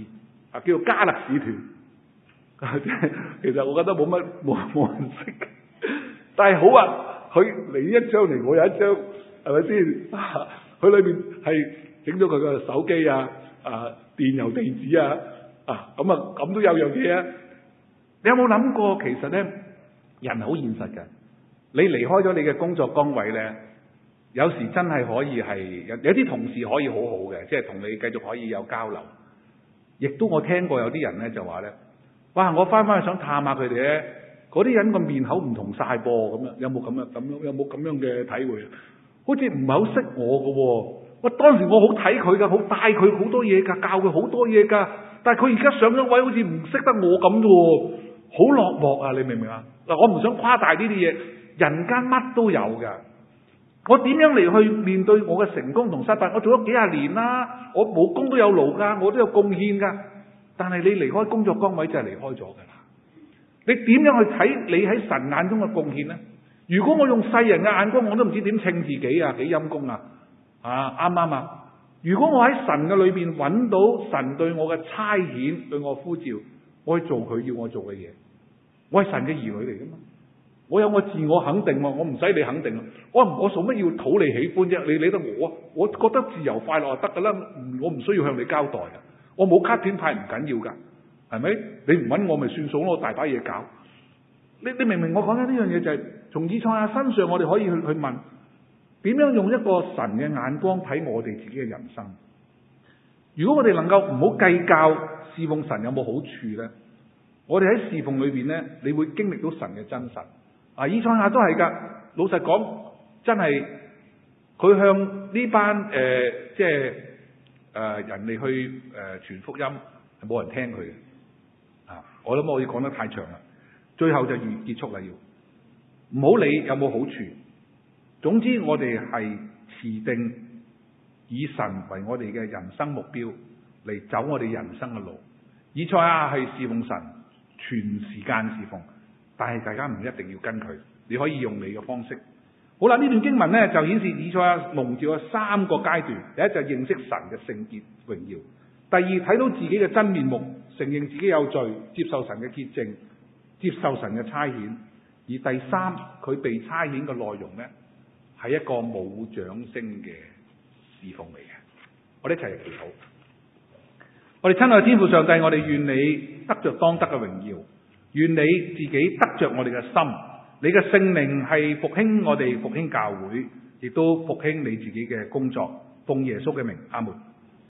啊，叫做加勒士團啊，即係其實我覺得冇乜冇冇人識，但係好啊，佢嚟呢一張嚟，我有一張，係咪先？佢、啊、裏邊係整咗佢個手機啊、啊電郵地址啊，啊咁啊咁都有樣嘢啊！你有冇諗過其實咧，人係好現實嘅，你離開咗你嘅工作崗位咧？有時真係可以係有有啲同事可以好好嘅，即係同你繼續可以有交流。亦都我聽過有啲人咧就話咧：哇！我翻返去想探下佢哋咧，嗰啲人個面口唔同晒噃咁樣。有冇咁啊？咁樣有冇咁樣嘅體會啊？好似唔係好識我嘅喎。我當時我好睇佢㗎，好帶佢好多嘢㗎，教佢好多嘢㗎。但係佢而家上咗位好，好似唔識得我咁啫喎，好落寞啊！你明唔明啊？嗱，我唔想誇大呢啲嘢，人間乜都有㗎。我點樣嚟去面對我嘅成功同失敗？我做咗幾廿年啦、啊，我冇功都有勞噶，我都有貢獻噶。但係你離開工作崗位就係離開咗噶啦。你點樣去睇你喺神眼中嘅貢獻呢？如果我用世人嘅眼光，我都唔知點稱自己啊，幾陰功啊，啊啱唔啱啊？如果我喺神嘅裏邊揾到神對我嘅差遣，對我呼召，我去做佢要我做嘅嘢，我係神嘅兒女嚟噶嘛？我有我自我肯定喎、啊，我唔使你肯定啊！我我做乜要討你喜歡啫、啊？你理得我？我覺得自由快樂就得㗎啦！我唔需要向你交代啊！我冇卡片派唔緊要㗎，係咪？你唔揾我咪算數咯！我大把嘢搞。你你明明我講緊呢樣嘢就係、是、從以賽亞身上，我哋可以去去問點樣用一個神嘅眼光睇我哋自己嘅人生。如果我哋能夠唔好計較侍奉神有冇好處咧，我哋喺侍奉裏邊咧，你會經歷到神嘅真實。啊，以賽亞都係噶老實講，真係佢向呢班誒即係誒、呃、人哋去誒、呃、傳福音，係冇人聽佢嘅。啊，我諗我可以講得太長啦，最後就越結束啦，要唔好理有冇好處，總之我哋係持定以神為我哋嘅人生目標嚟，走我哋人生嘅路。以賽亞係侍奉神，全時間侍奉。但係大家唔一定要跟佢，你可以用你嘅方式。好啦，呢段經文咧就顯示以賽亞蒙召嘅三個階段：第一就認識神嘅聖潔榮耀；第二睇到自己嘅真面目，承認自己有罪，接受神嘅潔淨，接受神嘅差遣；而第三佢被差遣嘅內容咧，係一個冇掌聲嘅侍奉嚟嘅。我哋一齊嚟祈禱。我哋親愛嘅天父上帝，我哋願你得着當得嘅榮耀。願你自己得着我哋嘅心，你嘅聖靈係復興我哋，復興教會，亦都復興你自己嘅工作，奉耶穌嘅名，阿門。